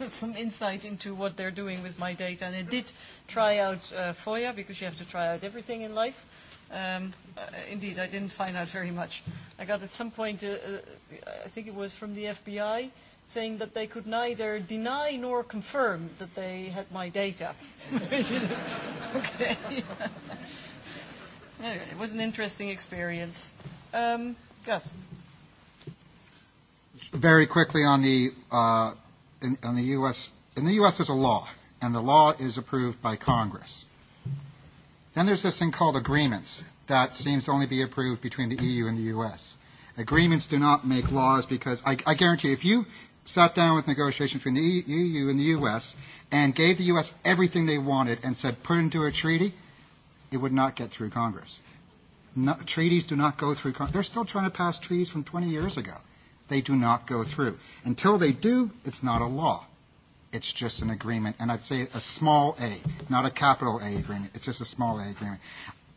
uh some insight into what they're doing with my data, and I did try out uh, FOIA because you have to try out everything in life. Um, uh, indeed, I didn't find out very much. I got at some point, uh, uh, I think it was from the FBI, saying that they could neither deny nor confirm that they had my data. okay. anyway, it was an interesting experience. Um, Gus. Yes very quickly on the uh, in, on the U.S. In the U.S., there's a law, and the law is approved by Congress. Then there's this thing called agreements that seems to only be approved between the EU and the U.S. Agreements do not make laws because I, I guarantee if you sat down with negotiations between the EU e and the U.S. and gave the U.S. everything they wanted and said put into a treaty, it would not get through Congress. No, treaties do not go through Congress. They're still trying to pass treaties from 20 years ago they do not go through. Until they do, it's not a law. It's just an agreement, and I'd say a small A, not a capital A agreement. It's just a small A agreement.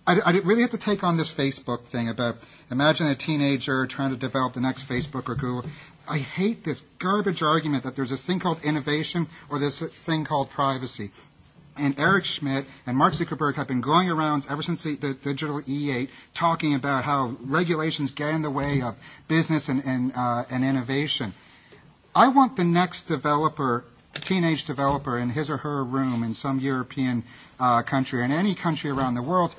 I, I really have to take on this Facebook thing about imagine a teenager trying to develop the next Facebook or Google. I hate this garbage argument that there's this thing called innovation or there's this thing called privacy and Eric Schmidt and Mark Zuckerberg have been going around ever since the, the digital E8 talking about how regulations get in the way of business and, and, uh, and innovation. I want the next developer, teenage developer in his or her room in some European uh, country or in any country around the world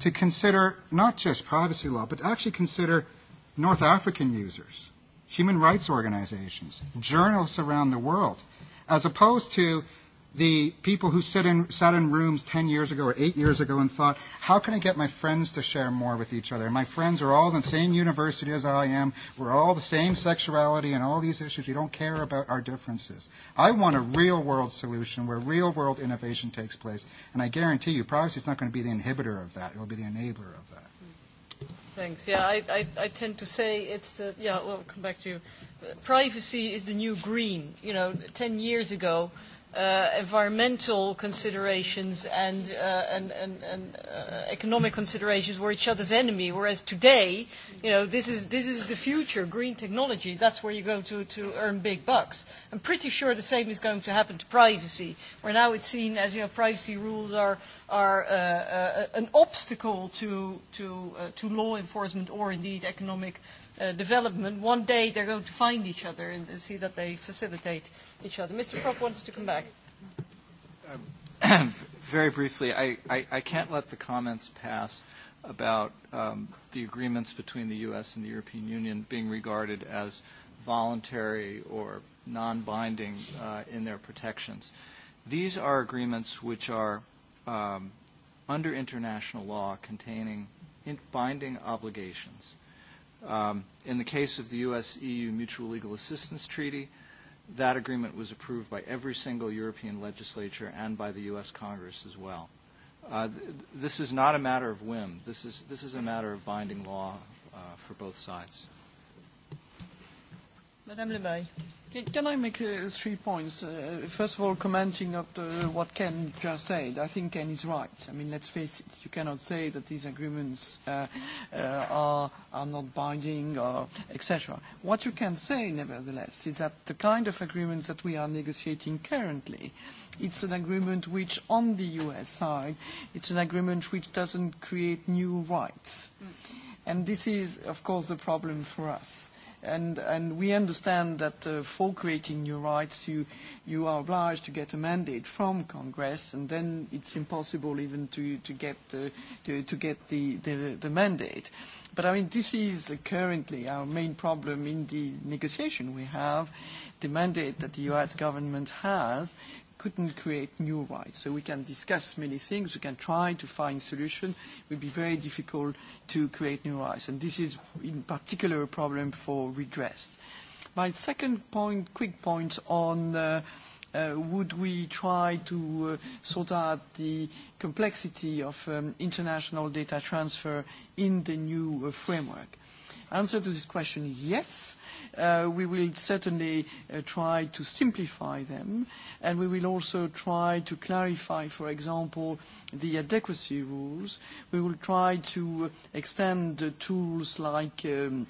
to consider not just privacy law, but to actually consider North African users, human rights organizations, journalists around the world, as opposed to the people who sit in, sat in rooms 10 years ago or 8 years ago and thought, how can I get my friends to share more with each other? My friends are all in the same university as I am. We're all the same sexuality and all these issues. You don't care about our differences. I want a real world solution where real world innovation takes place. And I guarantee you, privacy is not going to be the inhibitor of that. It will be the enabler of that. Thanks. Yeah, I, I, I tend to say it's, uh, yeah, we'll come back to you. Privacy is the new green. You know, 10 years ago, Uh, environmental considerations and, uh, and, and, and uh, economic considerations were each other's enemy, whereas today, you know, this is, this is the future, green technology, that's where you go to, to earn big bucks. I'm pretty sure the same is going to happen to privacy, where now it's seen as, you know, privacy rules are, are uh, uh, an obstacle to, to, uh, to law enforcement or indeed economic uh, uh, development, one day they're going to find each other and, and see that they facilitate each other. Mr. Prof wanted to come back. Um, very briefly, I, I, I can't let the comments pass about um, the agreements between the U.S. and the European Union being regarded as voluntary or non-binding uh, in their protections. These are agreements which are um, under international law containing in binding obligations uh, Um, in the case of the U.S.-EU e Mutual Legal Assistance Treaty, that agreement was approved by every single European legislature and by the U.S. Congress as well. Uh, th this is not a matter of whim. This is, this is a matter of binding law uh, for both sides. Madame Le Maille. Can I make uh, three points? Uh, first of all, commenting on uh, what Ken just said. I think Ken is right. Let's face it, you cannot say that these agreements are not binding or et cetera. What you can say, nevertheless, is that the kind of agreements that we are negotiating currently, it's an agreement which on the U.S. side, it's an agreement which doesn't create new rights. Mm. This is, of course, the problem for us. We understand that uh, for creating new rights, you are obliged to get a mandate from Congress, and then it's impossible even to uh, get the mandate. This is currently our main problem in the negotiation we have. The mandate that the U.S. government has couldn't create new rights. So we can discuss many things, we can try to find solutions, it would be very difficult to create new rights. And this is in particular a problem for redress. My second point, quick point on uh, uh, would we try to uh, sort out the complexity of um, international data transfer in the new uh, framework? Answer to this question is yes. Uh, we will certainly uh, try to simplify them, and we will also try to clarify, for example, the adequacy rules. We will try to extend the tools like um,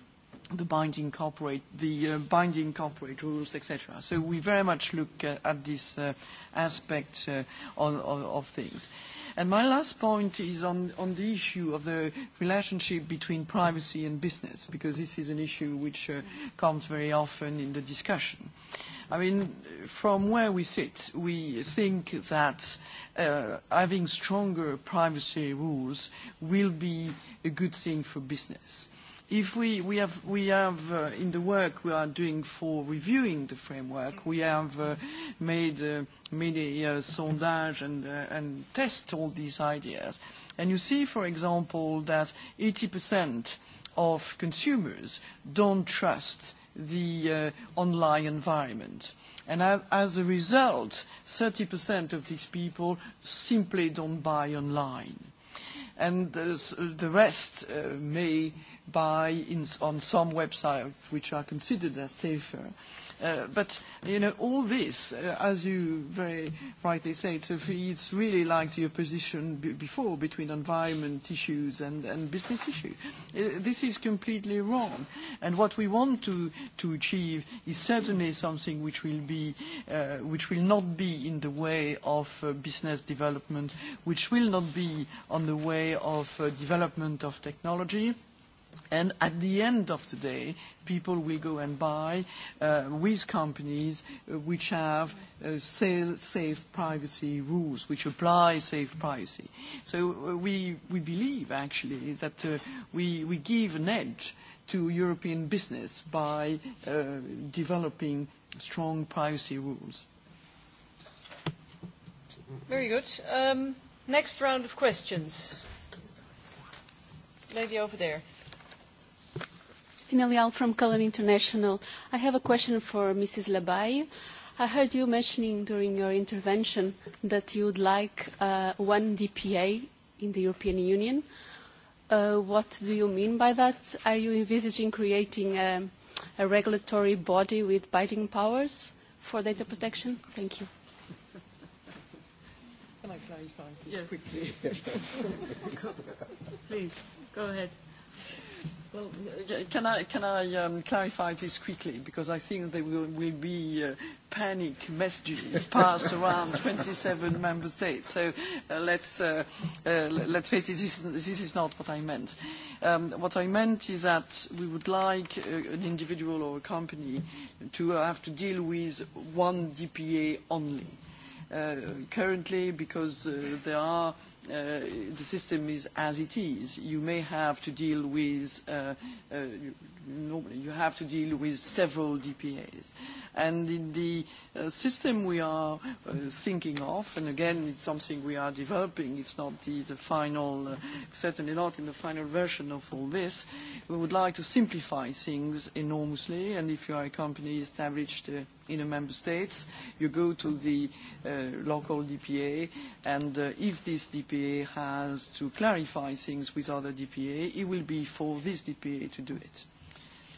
the binding corporate, the uh, binding corporate rules, etc. So we very much look uh, at this uh, aspect uh, on, of, of things. And my last point is on, on the issue of the relationship between privacy and business, because this is an issue which uh, comes very often in the discussion. I mean, from where we sit, we think that uh, having stronger privacy rules will be a good thing for business. If we have uh, in the work we are doing for reviewing the framework, we have uh, made uh, many sondages and test all these ideas. You see, for example, that 80% of consumers don't trust the online environment. As a result, 30% of these people simply don't buy online. The rest may by in, on some websites which are considered as safer. Uh, but, you know, all this, uh, as you very rightly say, it's, a, it's really like your position b- before between environment issues and, and business issues. Uh, this is completely wrong. And what we want to, to achieve is certainly something which will, be, uh, which will not be in the way of uh, business development, which will not be on the way of uh, development of technology. Technology, and at the end of the day, people will go and buy uh, with companies uh, which have uh, sale, safe privacy rules, which apply safe privacy. So uh, we, we believe actually that uh, we, we give an edge to European business by uh, developing strong privacy rules. Very good. Um, next round of questions. Lady over there. Cristina Leal from Cullen International. I have a question for Mrs. Labaye. I heard you mentioning during your intervention that you would like uh, one DPA in the European Union. Uh, what do you mean by that? Are you envisaging creating a, a regulatory body with binding powers for data protection? Thank you. Can I clarify this yes. quickly? Please, go ahead. Well, uh, can I, can I um, clarify this quickly? Because I think there will, will be uh, panic messages passed around 27 member states. So uh, let's, uh, uh, let's face it, this is, this is not what I meant. Um, what I meant is that we would like uh, an individual or a company to have to deal with one DPA only. Uh, currently, because uh, there are Uh, the system is as it is. You may have to deal with, uh, uh, normally you have to deal with several DPAs. And in the uh, system we are uh, thinking of, and again it's something we are developing, it's not the, the final, uh, certainly not in the final version of all this, we would like to simplify things enormously, and if you are a company established uh, in a member state, you go to the uh, local DPA, and uh, if this DPA DPA has to clarify things with other DPA, it will be for this DPA to do it.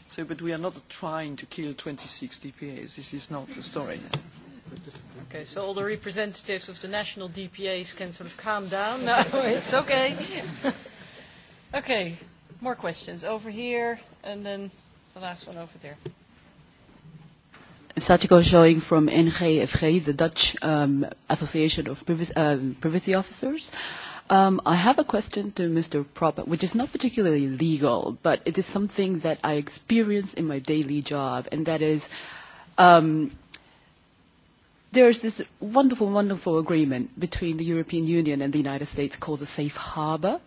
So, but we are not trying to kill 26 DPAs. This is not the story. Okay, so all the representatives of the national DPAs can sort of calm down now. it's okay. okay, more questions over here, and then the last one over there this article showing from NGFG, the Dutch um, Association of Privacy, um, uh, Privacy Officers. Um, I have a question to Mr. Propa, which is not particularly legal, but it is something that I experience in my daily job, and that is um, there's this wonderful, wonderful agreement between the European Union and the United States called the Safe Harbor.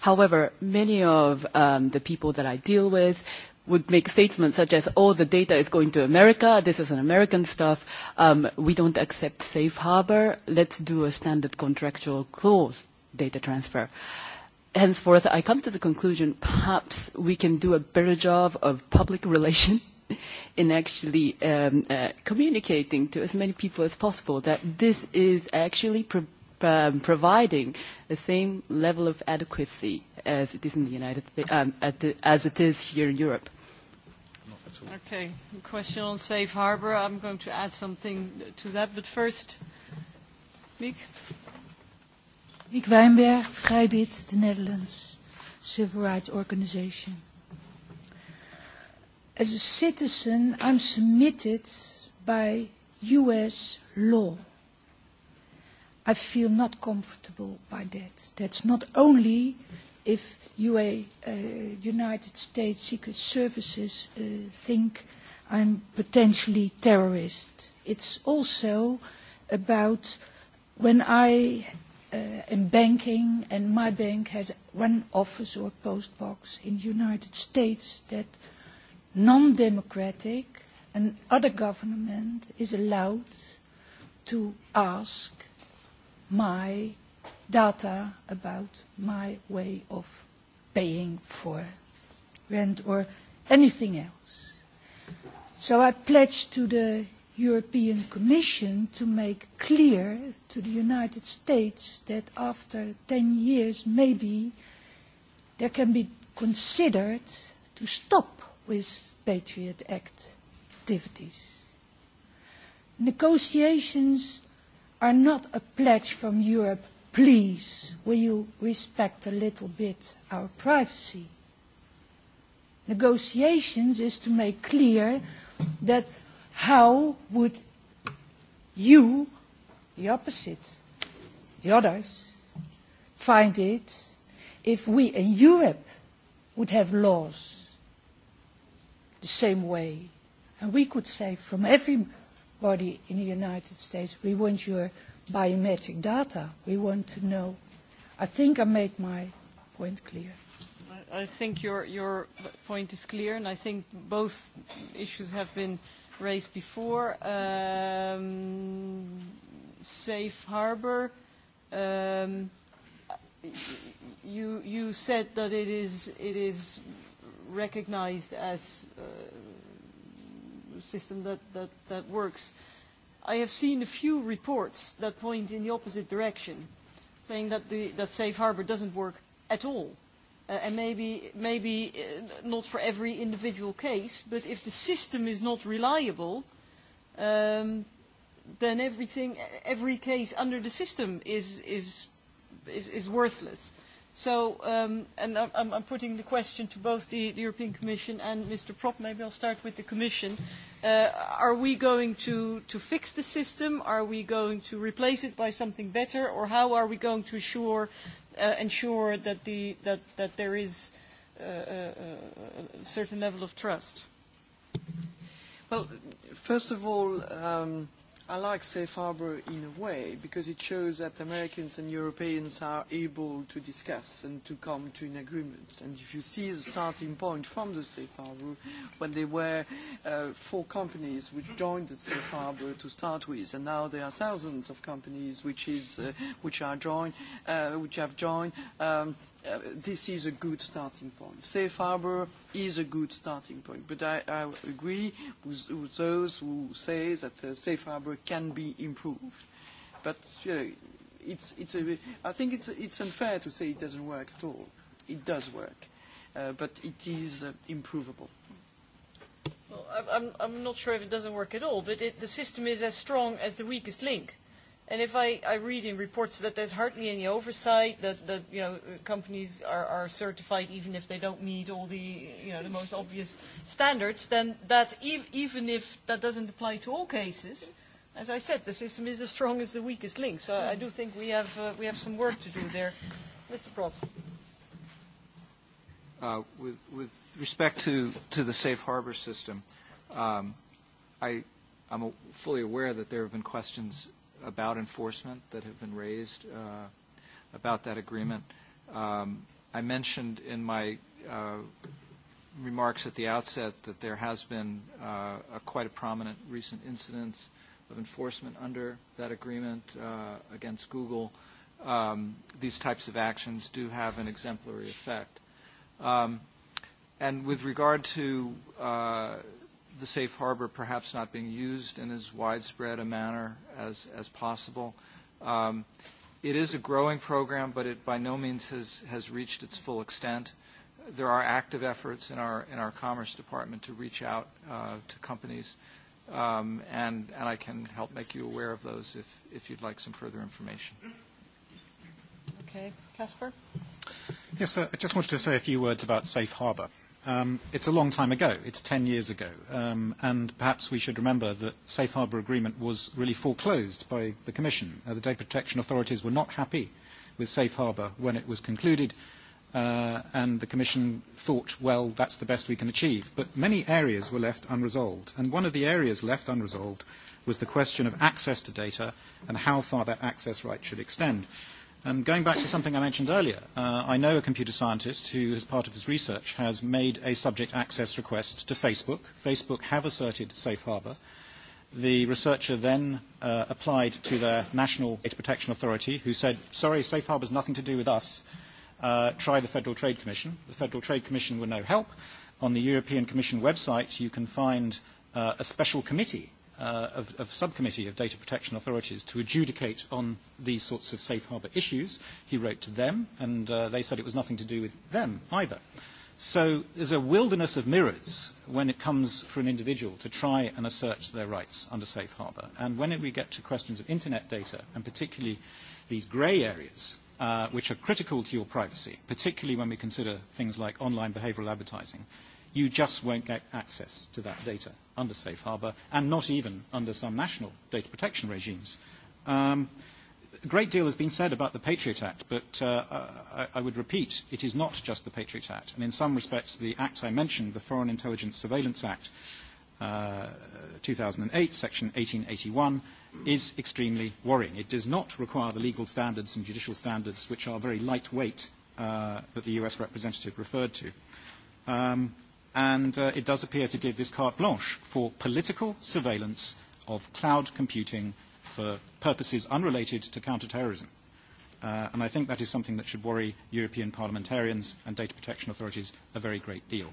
However, many of um, the people that I deal with, would make statements such as, all oh, the data is going to America, this is an American stuff, um, we don't accept safe harbor, let's do a standard contractual clause data transfer. Henceforth, I come to the conclusion perhaps we can do a better job of public relation in actually um, uh, communicating to as many people as possible that this is actually pro- um, providing the same level of adequacy as it is in the United States, um, at the, as it is here in Europe. Okay. A question on safe harbor. I'm going to add something to that. But first, Miek. Miek Wijnberg, Vrijbid, the Netherlands Civil Rights Organization. As a citizen, I'm submitted by U.S. law. I feel not comfortable by that. That's not only if UA, uh, United States Secret Services uh, think I'm potentially terrorist. It's also about when I uh, am banking and my bank has one office or post box in the United States that non-democratic and other government is allowed to ask my data about my way of paying for rent or anything else. So I pledge to the European Commission to make clear to the United States that after 10 years, maybe, there can be considered to stop with Patriot Act activities. Negotiations are not a pledge from Europe please, will you respect a little bit our privacy? Negotiations is to make clear that how would you, the opposite, the others, find it if we in Europe would have laws the same way. And we could say from everybody in the United States, we want your biometric data. We want to know. I think I made my point clear. I think your, your point is clear, and I think both issues have been raised before. Um, safe harbor, um, you, you said that it is, it is recognized as uh, a system that, that, that works. Uh, I have seen a few reports that point in the opposite direction, saying that the, that safe harbor doesn't work at all, uh, and maybe maybe uh, not for every individual case, but if the system is not reliable, um, then everything every case under the system is is is, is worthless. So, um, and I'm, I'm putting the question to both the, the European Commission and Mr. Prop. Maybe I'll start with the Commission. Mm-hmm uh, are we going to, to fix the system? Are we going to replace it by something better? Or how are we going to assure, uh, ensure that, the, that, that there is uh, a, uh, a certain level of trust? Well, first of all, um, I like Safe Harbor in a way because it shows that Americans and Europeans are able to discuss and to come to an agreement. And if you see the starting point from the Safe Harbor, when there were uh, four companies which joined the Safe Harbor to start with, and now there are thousands of companies which, is, uh, which, are joined, uh, which have joined. Um, Uh, this is a good starting point. Safe harbor is a good starting point. But I, I agree with, with those who say that uh, safe harbor can be improved. But you know, it's, it's a, I think it's, it's unfair to say it doesn't work at all. It does work. Uh, but it is uh, improvable. Well, I'm, I'm not sure if it doesn't work at all, but it, the system is as strong as the weakest link. Uh, And if I, I read in reports that there's hardly any oversight, that, that you know, companies are, are certified even if they don't meet all the, you know, the most obvious standards, then that ev- even if that doesn't apply to all cases, as I said, the system is as strong as the weakest link. So I do think we have, uh, we have some work to do there. Mr. Prop. Uh, with, with respect to, to the safe harbor system, um, I, I'm fully aware that there have been questions about enforcement that have been raised uh, about that agreement. Um, I mentioned in my uh, remarks at the outset that there has been uh, a quite a prominent recent incidence of enforcement under that agreement uh, against Google. Um, these types of actions do have an exemplary effect. Um, and with regard to uh, the safe harbor perhaps not being used in as widespread a manner as, as possible. Um, it is a growing program, but it by no means has, has reached its full extent. There are active efforts in our, in our Commerce Department to reach out uh, to companies, um, and, and I can help make you aware of those if, if you'd like some further information. Okay, Casper? Yes, sir. I just wanted to say a few words about safe harbor um, it's a long time ago. It's 10 years ago. Um, and perhaps we should remember that Safe Harbor Agreement was really foreclosed by the Commission. Uh, the data protection authorities were not happy with Safe Harbor when it was concluded. Uh, and the Commission thought, well, that's the best we can achieve. But many areas were left unresolved. And one of the areas left unresolved was the question of access to data and how far that access right should extend. Um, going back to something I mentioned earlier, uh, I know a computer scientist who, as part of his research, has made a subject access request to Facebook. Facebook have asserted safe harbor. The researcher then uh, applied to the National Data Protection Authority, who said, sorry, safe harbor has nothing to do with us. Uh, try the Federal Trade Commission. The Federal Trade Commission were no help. On the European Commission website, you can find uh, a special committee uh, of, of subcommittee of data protection authorities to adjudicate on these sorts of safe harbor issues. He wrote to them, and uh, they said it was nothing to do with them either. So there's a wilderness of mirrors when it comes for an individual to try and assert their rights under safe harbor. And when we get to questions of internet data, and particularly these gray areas, uh, which are critical to your privacy, particularly when we consider things like online behavioral advertising, uh, you just won't get access to that data under safe harbor, and not even under some national data protection regimes. Um, a great deal has been said about the Patriot Act, but uh, I, I would repeat, it is not just the Patriot Act. And in some respects, the act I mentioned, the Foreign Intelligence Surveillance Act uh, 2008, Section 1881, is extremely worrying. It does not require the legal standards and judicial standards, which are very lightweight, uh, that the US representative referred to. Um, and uh, it does appear to give this carte blanche for political surveillance of cloud computing for purposes unrelated to counterterrorism. Uh, and I think that is something that should worry European parliamentarians and data protection authorities a very great deal.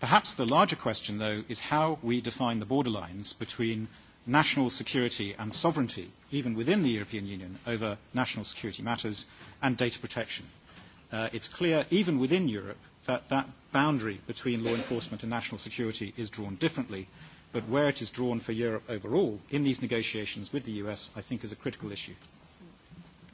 Perhaps the larger question, though, is how we define the borderlines between national security and sovereignty, even within the European Union, over national security matters and data protection. Uh, it's clear, even within Europe, that that boundary between law enforcement and national security is drawn differently, but where it is drawn for Europe overall in these negotiations with the US, I think, is a critical issue.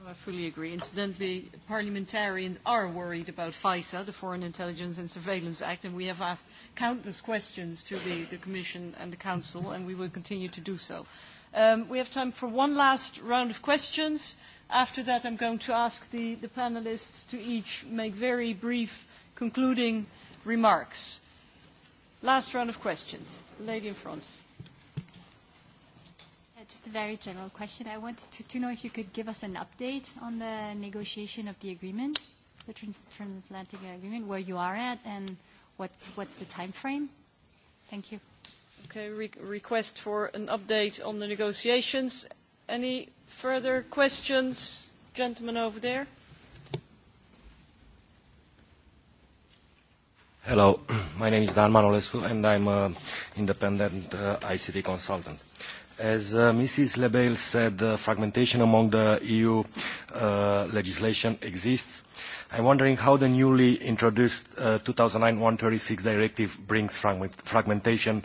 I fully agree. Incidentally, parliamentarians are worried about FISA, the Foreign Intelligence and Surveillance Act, and we have asked countless questions to the, the Commission and the Council, and we will continue to do so. Um, we have time for one last round of questions. After that, I'm going to ask the, the panelists to each make very brief questions concluding remarks. Last round of questions. Lady in front. Uh, just a very general question. I wanted to, to know if you could give us an update on the negotiation of the agreement, the trans- transatlantic agreement, where you are at, and what's, what's the time frame. Thank you. Okay, re- request for an update on the negotiations. Any further questions, gentlemen over there? Hello, my name is Dan Manolescu and I'm an independent uh, ICT consultant. As uh, Mrs. Lebel said, uh, fragmentation among the EU uh, legislation exists. I'm wondering how the newly introduced uh, 2009-136 directive brings fragment fragmentation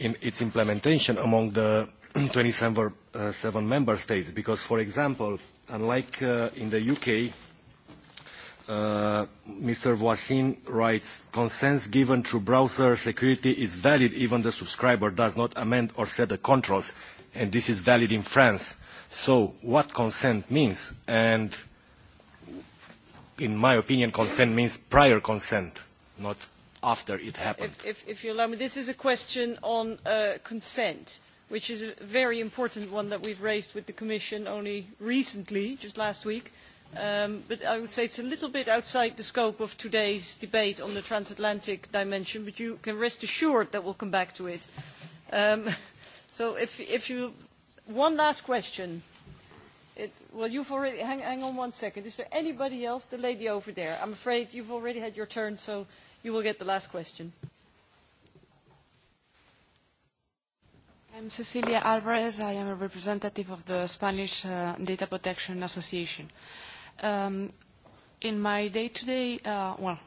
in its implementation among the 27 uh, seven member states. Because, for example, unlike uh, in the UK, Uh, Mr. Voisin writes, consents given through browser security is valid even the subscriber does not amend or set the controls, and this is valid in France. So what consent means? And in my opinion, consent means prior consent, not after it happened. If, if, if you allow me, this is a question on uh, consent, which is a very important one that we've raised with the Commission only recently, just last week. Um, but i would say it is a little bit outside the scope of today's debate on the transatlantic dimension but you can rest assured that we will come back to it. Um, one last question well you have already hang, hang on one second is there anybody else the lady over there i'm afraid you've already had your turn so you will get the last question i'm cecilia alvarez i am a representative of the spanish uh, data protection association uh, Um, in my day-to-day, uh, well,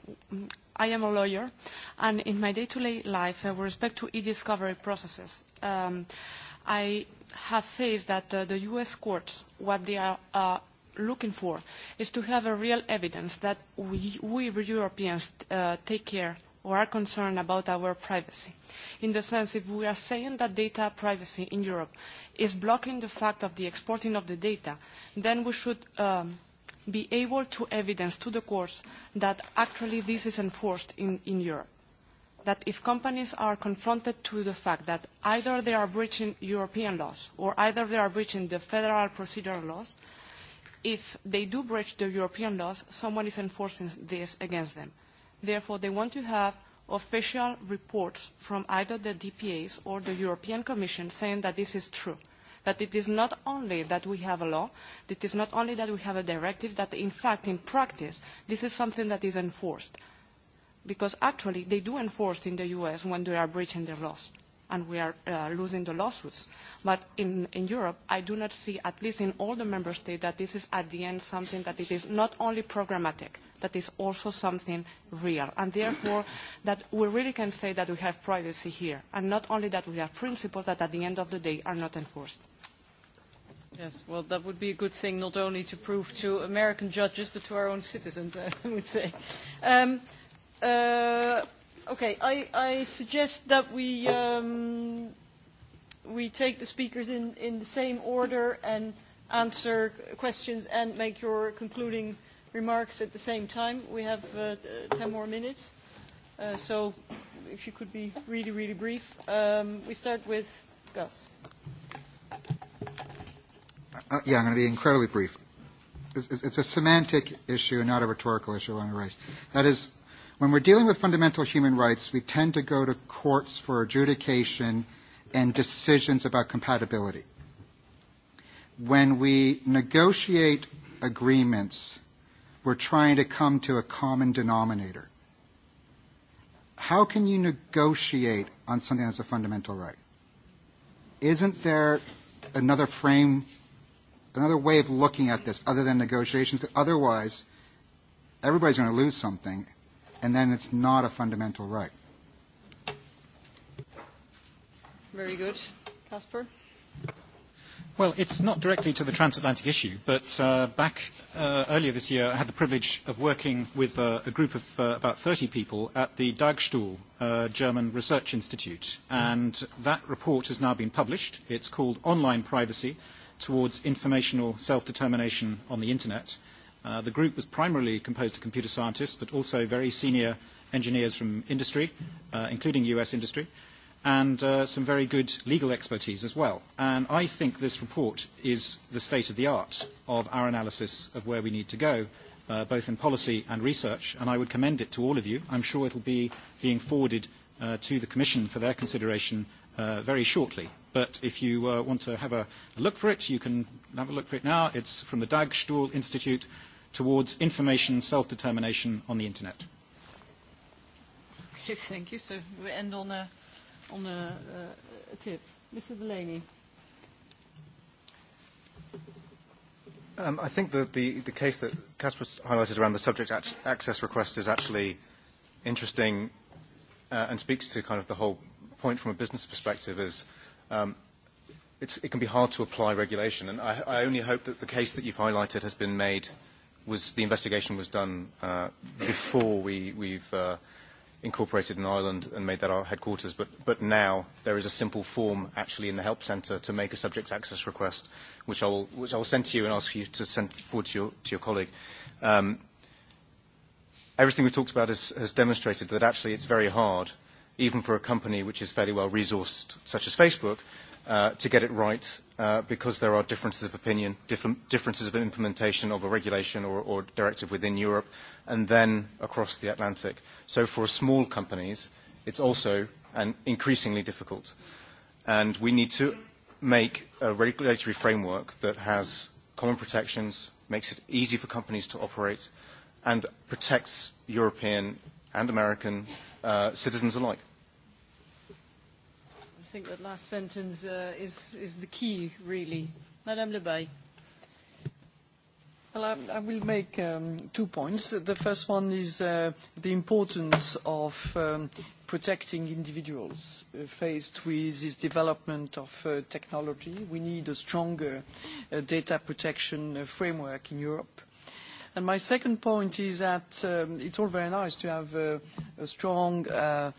I am a lawyer, and in my day-to-day life, uh, with respect to e-discovery processes, um, I have faced that uh, the U.S. courts, what they are uh, looking for, is to have a real evidence that we, we Europeans uh, take care or are concerned about our privacy. In the sense, if we are saying that data privacy in Europe is blocking the fact of the exporting of the data, then we should... Um, be able to evidence to the courts that actually this is enforced in, in Europe. That if companies are confronted to the fact that either they are breaching European laws or either they are breaching the federal procedural laws, if they do breach the European laws, someone is enforcing this against them. Therefore, they want to have official reports from either the DPAs or the European Commission saying that this is true. But it is not only that we have a law, it is not only that we have a directive, that in fact, in practice, this is something that is enforced. Because actually, they do enforce in the US when they are breaching their laws and we are uh, losing the lawsuits. But in, in Europe, I do not see, at least in all the member states, that this is at the end something that it is not only programmatic, that is also something real. And therefore, that we really can say that we have privacy here, and not only that we have principles that at the end of the day are not enforced. Yes, well, that would be a good thing not only to prove to American judges, but to our own citizens, I would say. Um, uh, okay, I, I suggest that we, um, we take the speakers in, in the same order and answer questions and make your concluding remarks at the same time. We have uh, 10 more minutes, uh, so if you could be really, really brief. Um, we start with Gus. Uh, yeah, I'm going to be incredibly brief. It's, it's a semantic issue, not a rhetorical issue on the race. That is, when we're dealing with fundamental human rights, we tend to go to courts for adjudication and decisions about compatibility. When we negotiate agreements, we're trying to come to a common denominator. How can you negotiate on something that's a fundamental right? Isn't there another frame another way of looking at this other than negotiations. Otherwise, everybody's going to lose something, and then it's not a fundamental right. Very good. Casper? Well, it's not directly to the transatlantic issue, but uh, back uh, earlier this year, I had the privilege of working with uh, a group of uh, about 30 people at the Dagstuhl uh, German Research Institute. And that report has now been published. It's called Online Privacy towards informational self-determination on the internet. Uh, the group was primarily composed of computer scientists, but also very senior engineers from industry, uh, including US industry, and uh, some very good legal expertise as well. And I think this report is the state of the art of our analysis of where we need to go, uh, both in policy and research, and I would commend it to all of you. I'm sure it will be being forwarded uh, to the Commission for their consideration uh, very shortly but if you uh, want to have a, a look for it, you can have a look for it now. It's from the Dagstuhl Institute towards information self-determination on the internet. Okay, thank you. So we end on a, on a, uh, a tip. Mr. Delaney. Um, I think that the, the case that Casper highlighted around the subject ac access request is actually interesting uh, and speaks to kind of the whole point from a business perspective is uh, um, it's, it can be hard to apply regulation. And I, I only hope that the case that you've highlighted has been made, was the investigation was done uh, before we, we've uh, incorporated in Ireland and made that our headquarters. But, but now there is a simple form actually in the help centre to make a subject access request, which I'll, which I'll send to you and ask you to send forward to your, to your colleague. Um, everything we've talked about has, has demonstrated that actually it's very hard even for a company which is fairly well resourced, such as Facebook, uh, to get it right uh, because there are differences of opinion, diff- differences of implementation of a regulation or, or directive within Europe and then across the Atlantic. So for small companies, it's also an increasingly difficult. And we need to make a regulatory framework that has common protections, makes it easy for companies to operate, and protects European and American Uh, citizens alike. I think that last sentence uh, is, is the key, really. Madame Le Bay. Well, I, I will make um, two points. The first one is uh, the importance of um, protecting individuals uh, faced with this development of uh, technology. We need a stronger uh, data protection uh, framework in Europe. My second point is that um, it's all very nice to have a strong uh,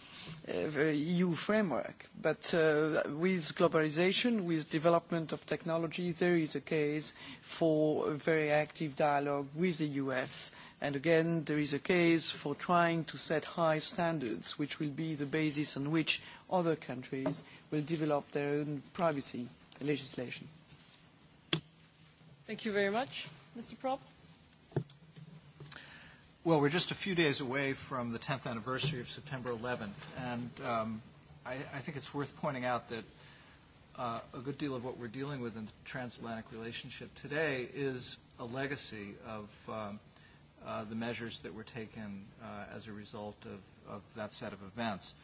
uh, EU framework, but uh, with globalization, with development of technology, there is a case for a very active dialogue with the U.S. Again, there is a case for trying to set high standards, which will be the basis on which other countries will develop their own privacy legislation. Thank you very much, Mr. Propp. Well, we're just a few days away from the 10th anniversary of September 11th, and um, I, I think it's worth pointing out that uh, a good deal of what we're dealing with in the transatlantic relationship today is a legacy of um, uh, the measures that were taken uh, as a result of, of that set of events.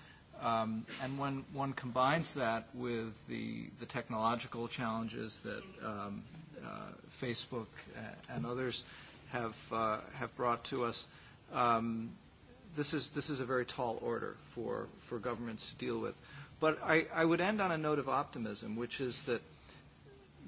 Um, and when one combines that with the, the technological challenges that um, uh, Facebook uh, and others have uh, have brought to us. Um, this is this is a very tall order for for governments to deal with. But I, I would end on a note of optimism, which is that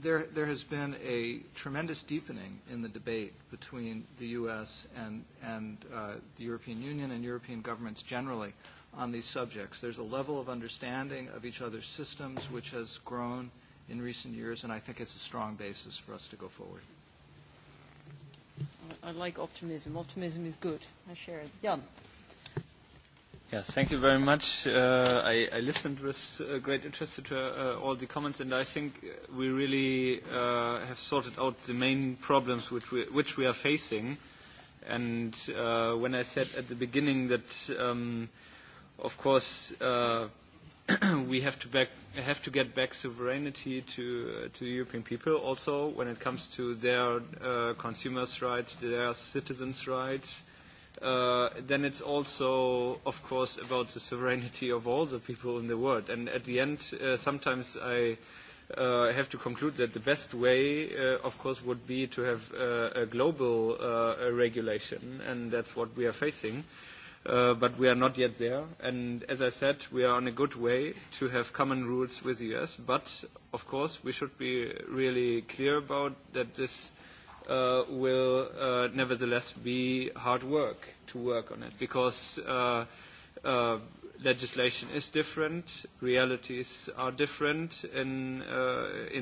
there there has been a tremendous deepening in the debate between the U.S. and and uh, the European Union and European governments generally on these subjects. There's a level of understanding of each other's systems which has grown in recent years, and I think it's a strong basis for us to go forward. I like optimism. Optimism is good. I share it. Jan. Yeah, thank you very much. Uh, I, I listened with uh, great interest to uh, all the comments, and I think uh, we really uh, have sorted out the main problems which we, which we are facing. And uh, when I said at the beginning that, um, of course, uh, we have to back have to get back sovereignty to uh, to the European people also when it comes to their uh, consumers' rights, their citizens' rights. Uh, then it's also, of course, about the sovereignty of all the people in the world. And at the end, uh, sometimes I uh, have to conclude that the best way, uh, of course, would be to have uh, a global uh, regulation, and that's what we are facing. Uh, Uh, but we are not yet there. As I said, we are on a good way to have common rules with U.S., but of course, we should be really clear about that this uh, will uh, nevertheless be hard work to work on it because legislation is different, realities are different in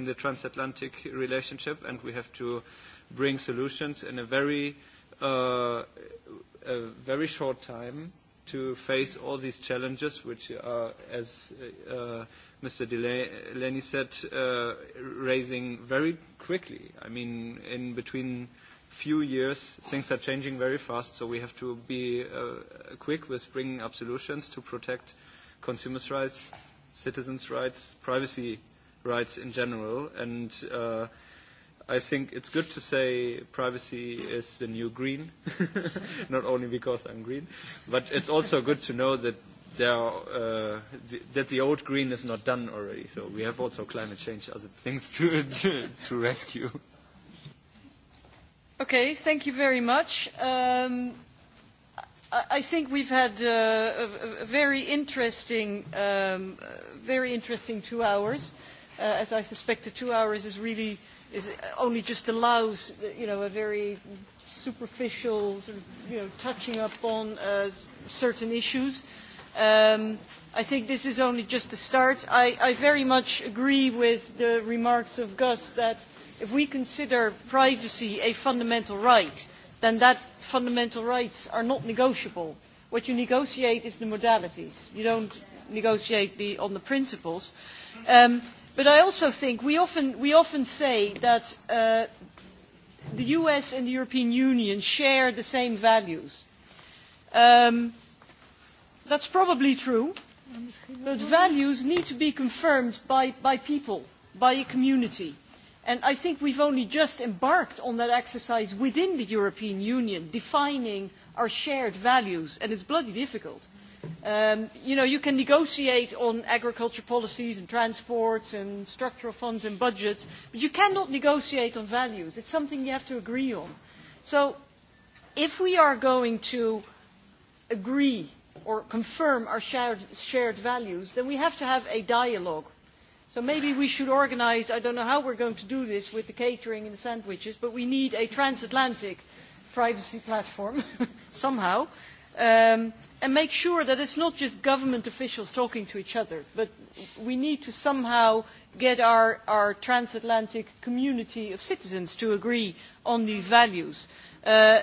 the transatlantic relationship, and we have to bring solutions in a very a very short time to face all these challenges, which are, as uh, uh Mr. Delaney said, uh, raising very quickly. I mean, in between few years, things are changing very fast, so we have to be uh, quick with bringing up solutions to protect consumers' rights, citizens' rights, privacy rights in general, and uh, I think it's good to say privacy is the new green, not only because I'm green, but it's also good to know that there are, uh, th that the old green is not done already. So we have also climate change, other things to to, to rescue. Okay, thank you very much. Um, I think we've had uh, a, a very interesting, um, uh, very interesting two hours, uh, as I suspect the two hours is really is only just allows you know a very superficial sort of, you know touching up on uh, certain issues. Um, I think this is only just the start. I, I very much agree with the remarks of Gus that if we consider privacy a fundamental right, then that fundamental rights are not negotiable. What you negotiate is the modalities. You don't negotiate the, on the principles. Um, but i also think we often, we often say that uh, the us and the european union share the same values. Um, that's probably true. but values need to be confirmed by, by people, by a community. and i think we've only just embarked on that exercise within the european union, defining our shared values. and it's bloody difficult. Um, you know, you can negotiate on agriculture policies and transports and structural funds and budgets, but you cannot negotiate on values. It's something you have to agree on. So if we are going to agree or confirm our shared, shared values, then we have to have a dialogue. So maybe we should organize, I don't know how we're going to do this with the catering and the sandwiches, but we need a transatlantic privacy platform somehow. Um, and make sure that it is not just government officials talking to each other but we need to somehow get our, our transatlantic community of citizens to agree on these values. Uh,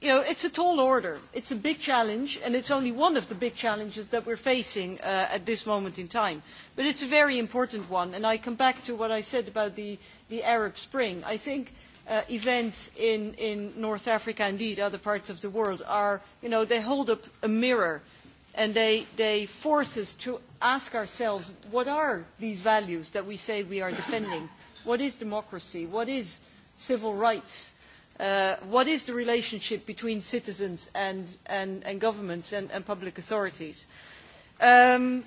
you know, it's a tall order. It's a big challenge, and it's only one of the big challenges that we're facing uh, at this moment in time. But it's a very important one, and I come back to what I said about the, the Arab Spring. I think uh, uh, events in, in North Africa, indeed other parts of the world, are, you know, they hold up a mirror and they, they force us to ask ourselves, what are these values that we say we are defending? what is democracy? What is civil rights? Uh, what is the relationship between citizens and, and, and governments and, and public authorities? Um,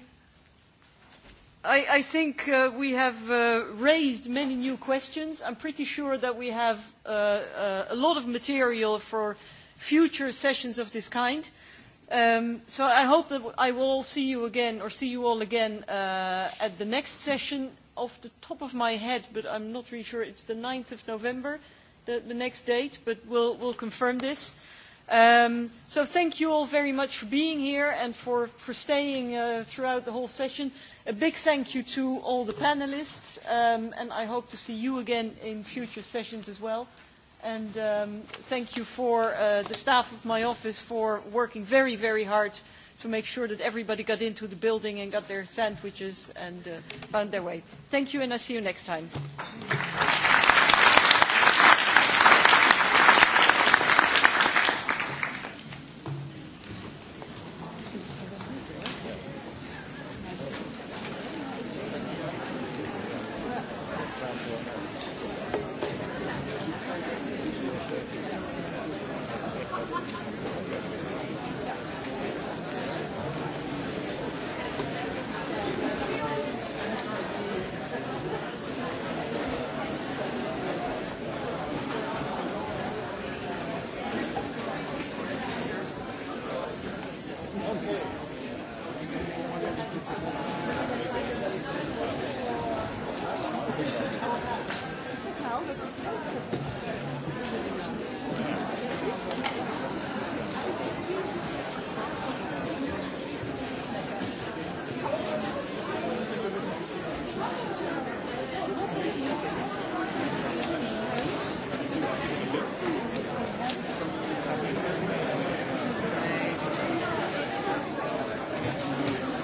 I, I think uh, we have uh, raised many new questions. I'm pretty sure that we have uh, uh, a lot of material for future sessions of this kind. Um, so I hope that I will all see you again, or see you all again uh, at the next session off the top of my head, but I'm not really sure it's the 9th of November, the, the next date, but we'll, we'll confirm this. Um, so thank you all very much for being here and for, for staying uh, throughout the whole session a big thank you to all the panellists um, and i hope to see you again in future sessions as well and um, thank you for uh, the staff of my office for working very very hard to make sure that everybody got into the building and got their sandwiches and uh, found their way thank you and i see you next time Thank you.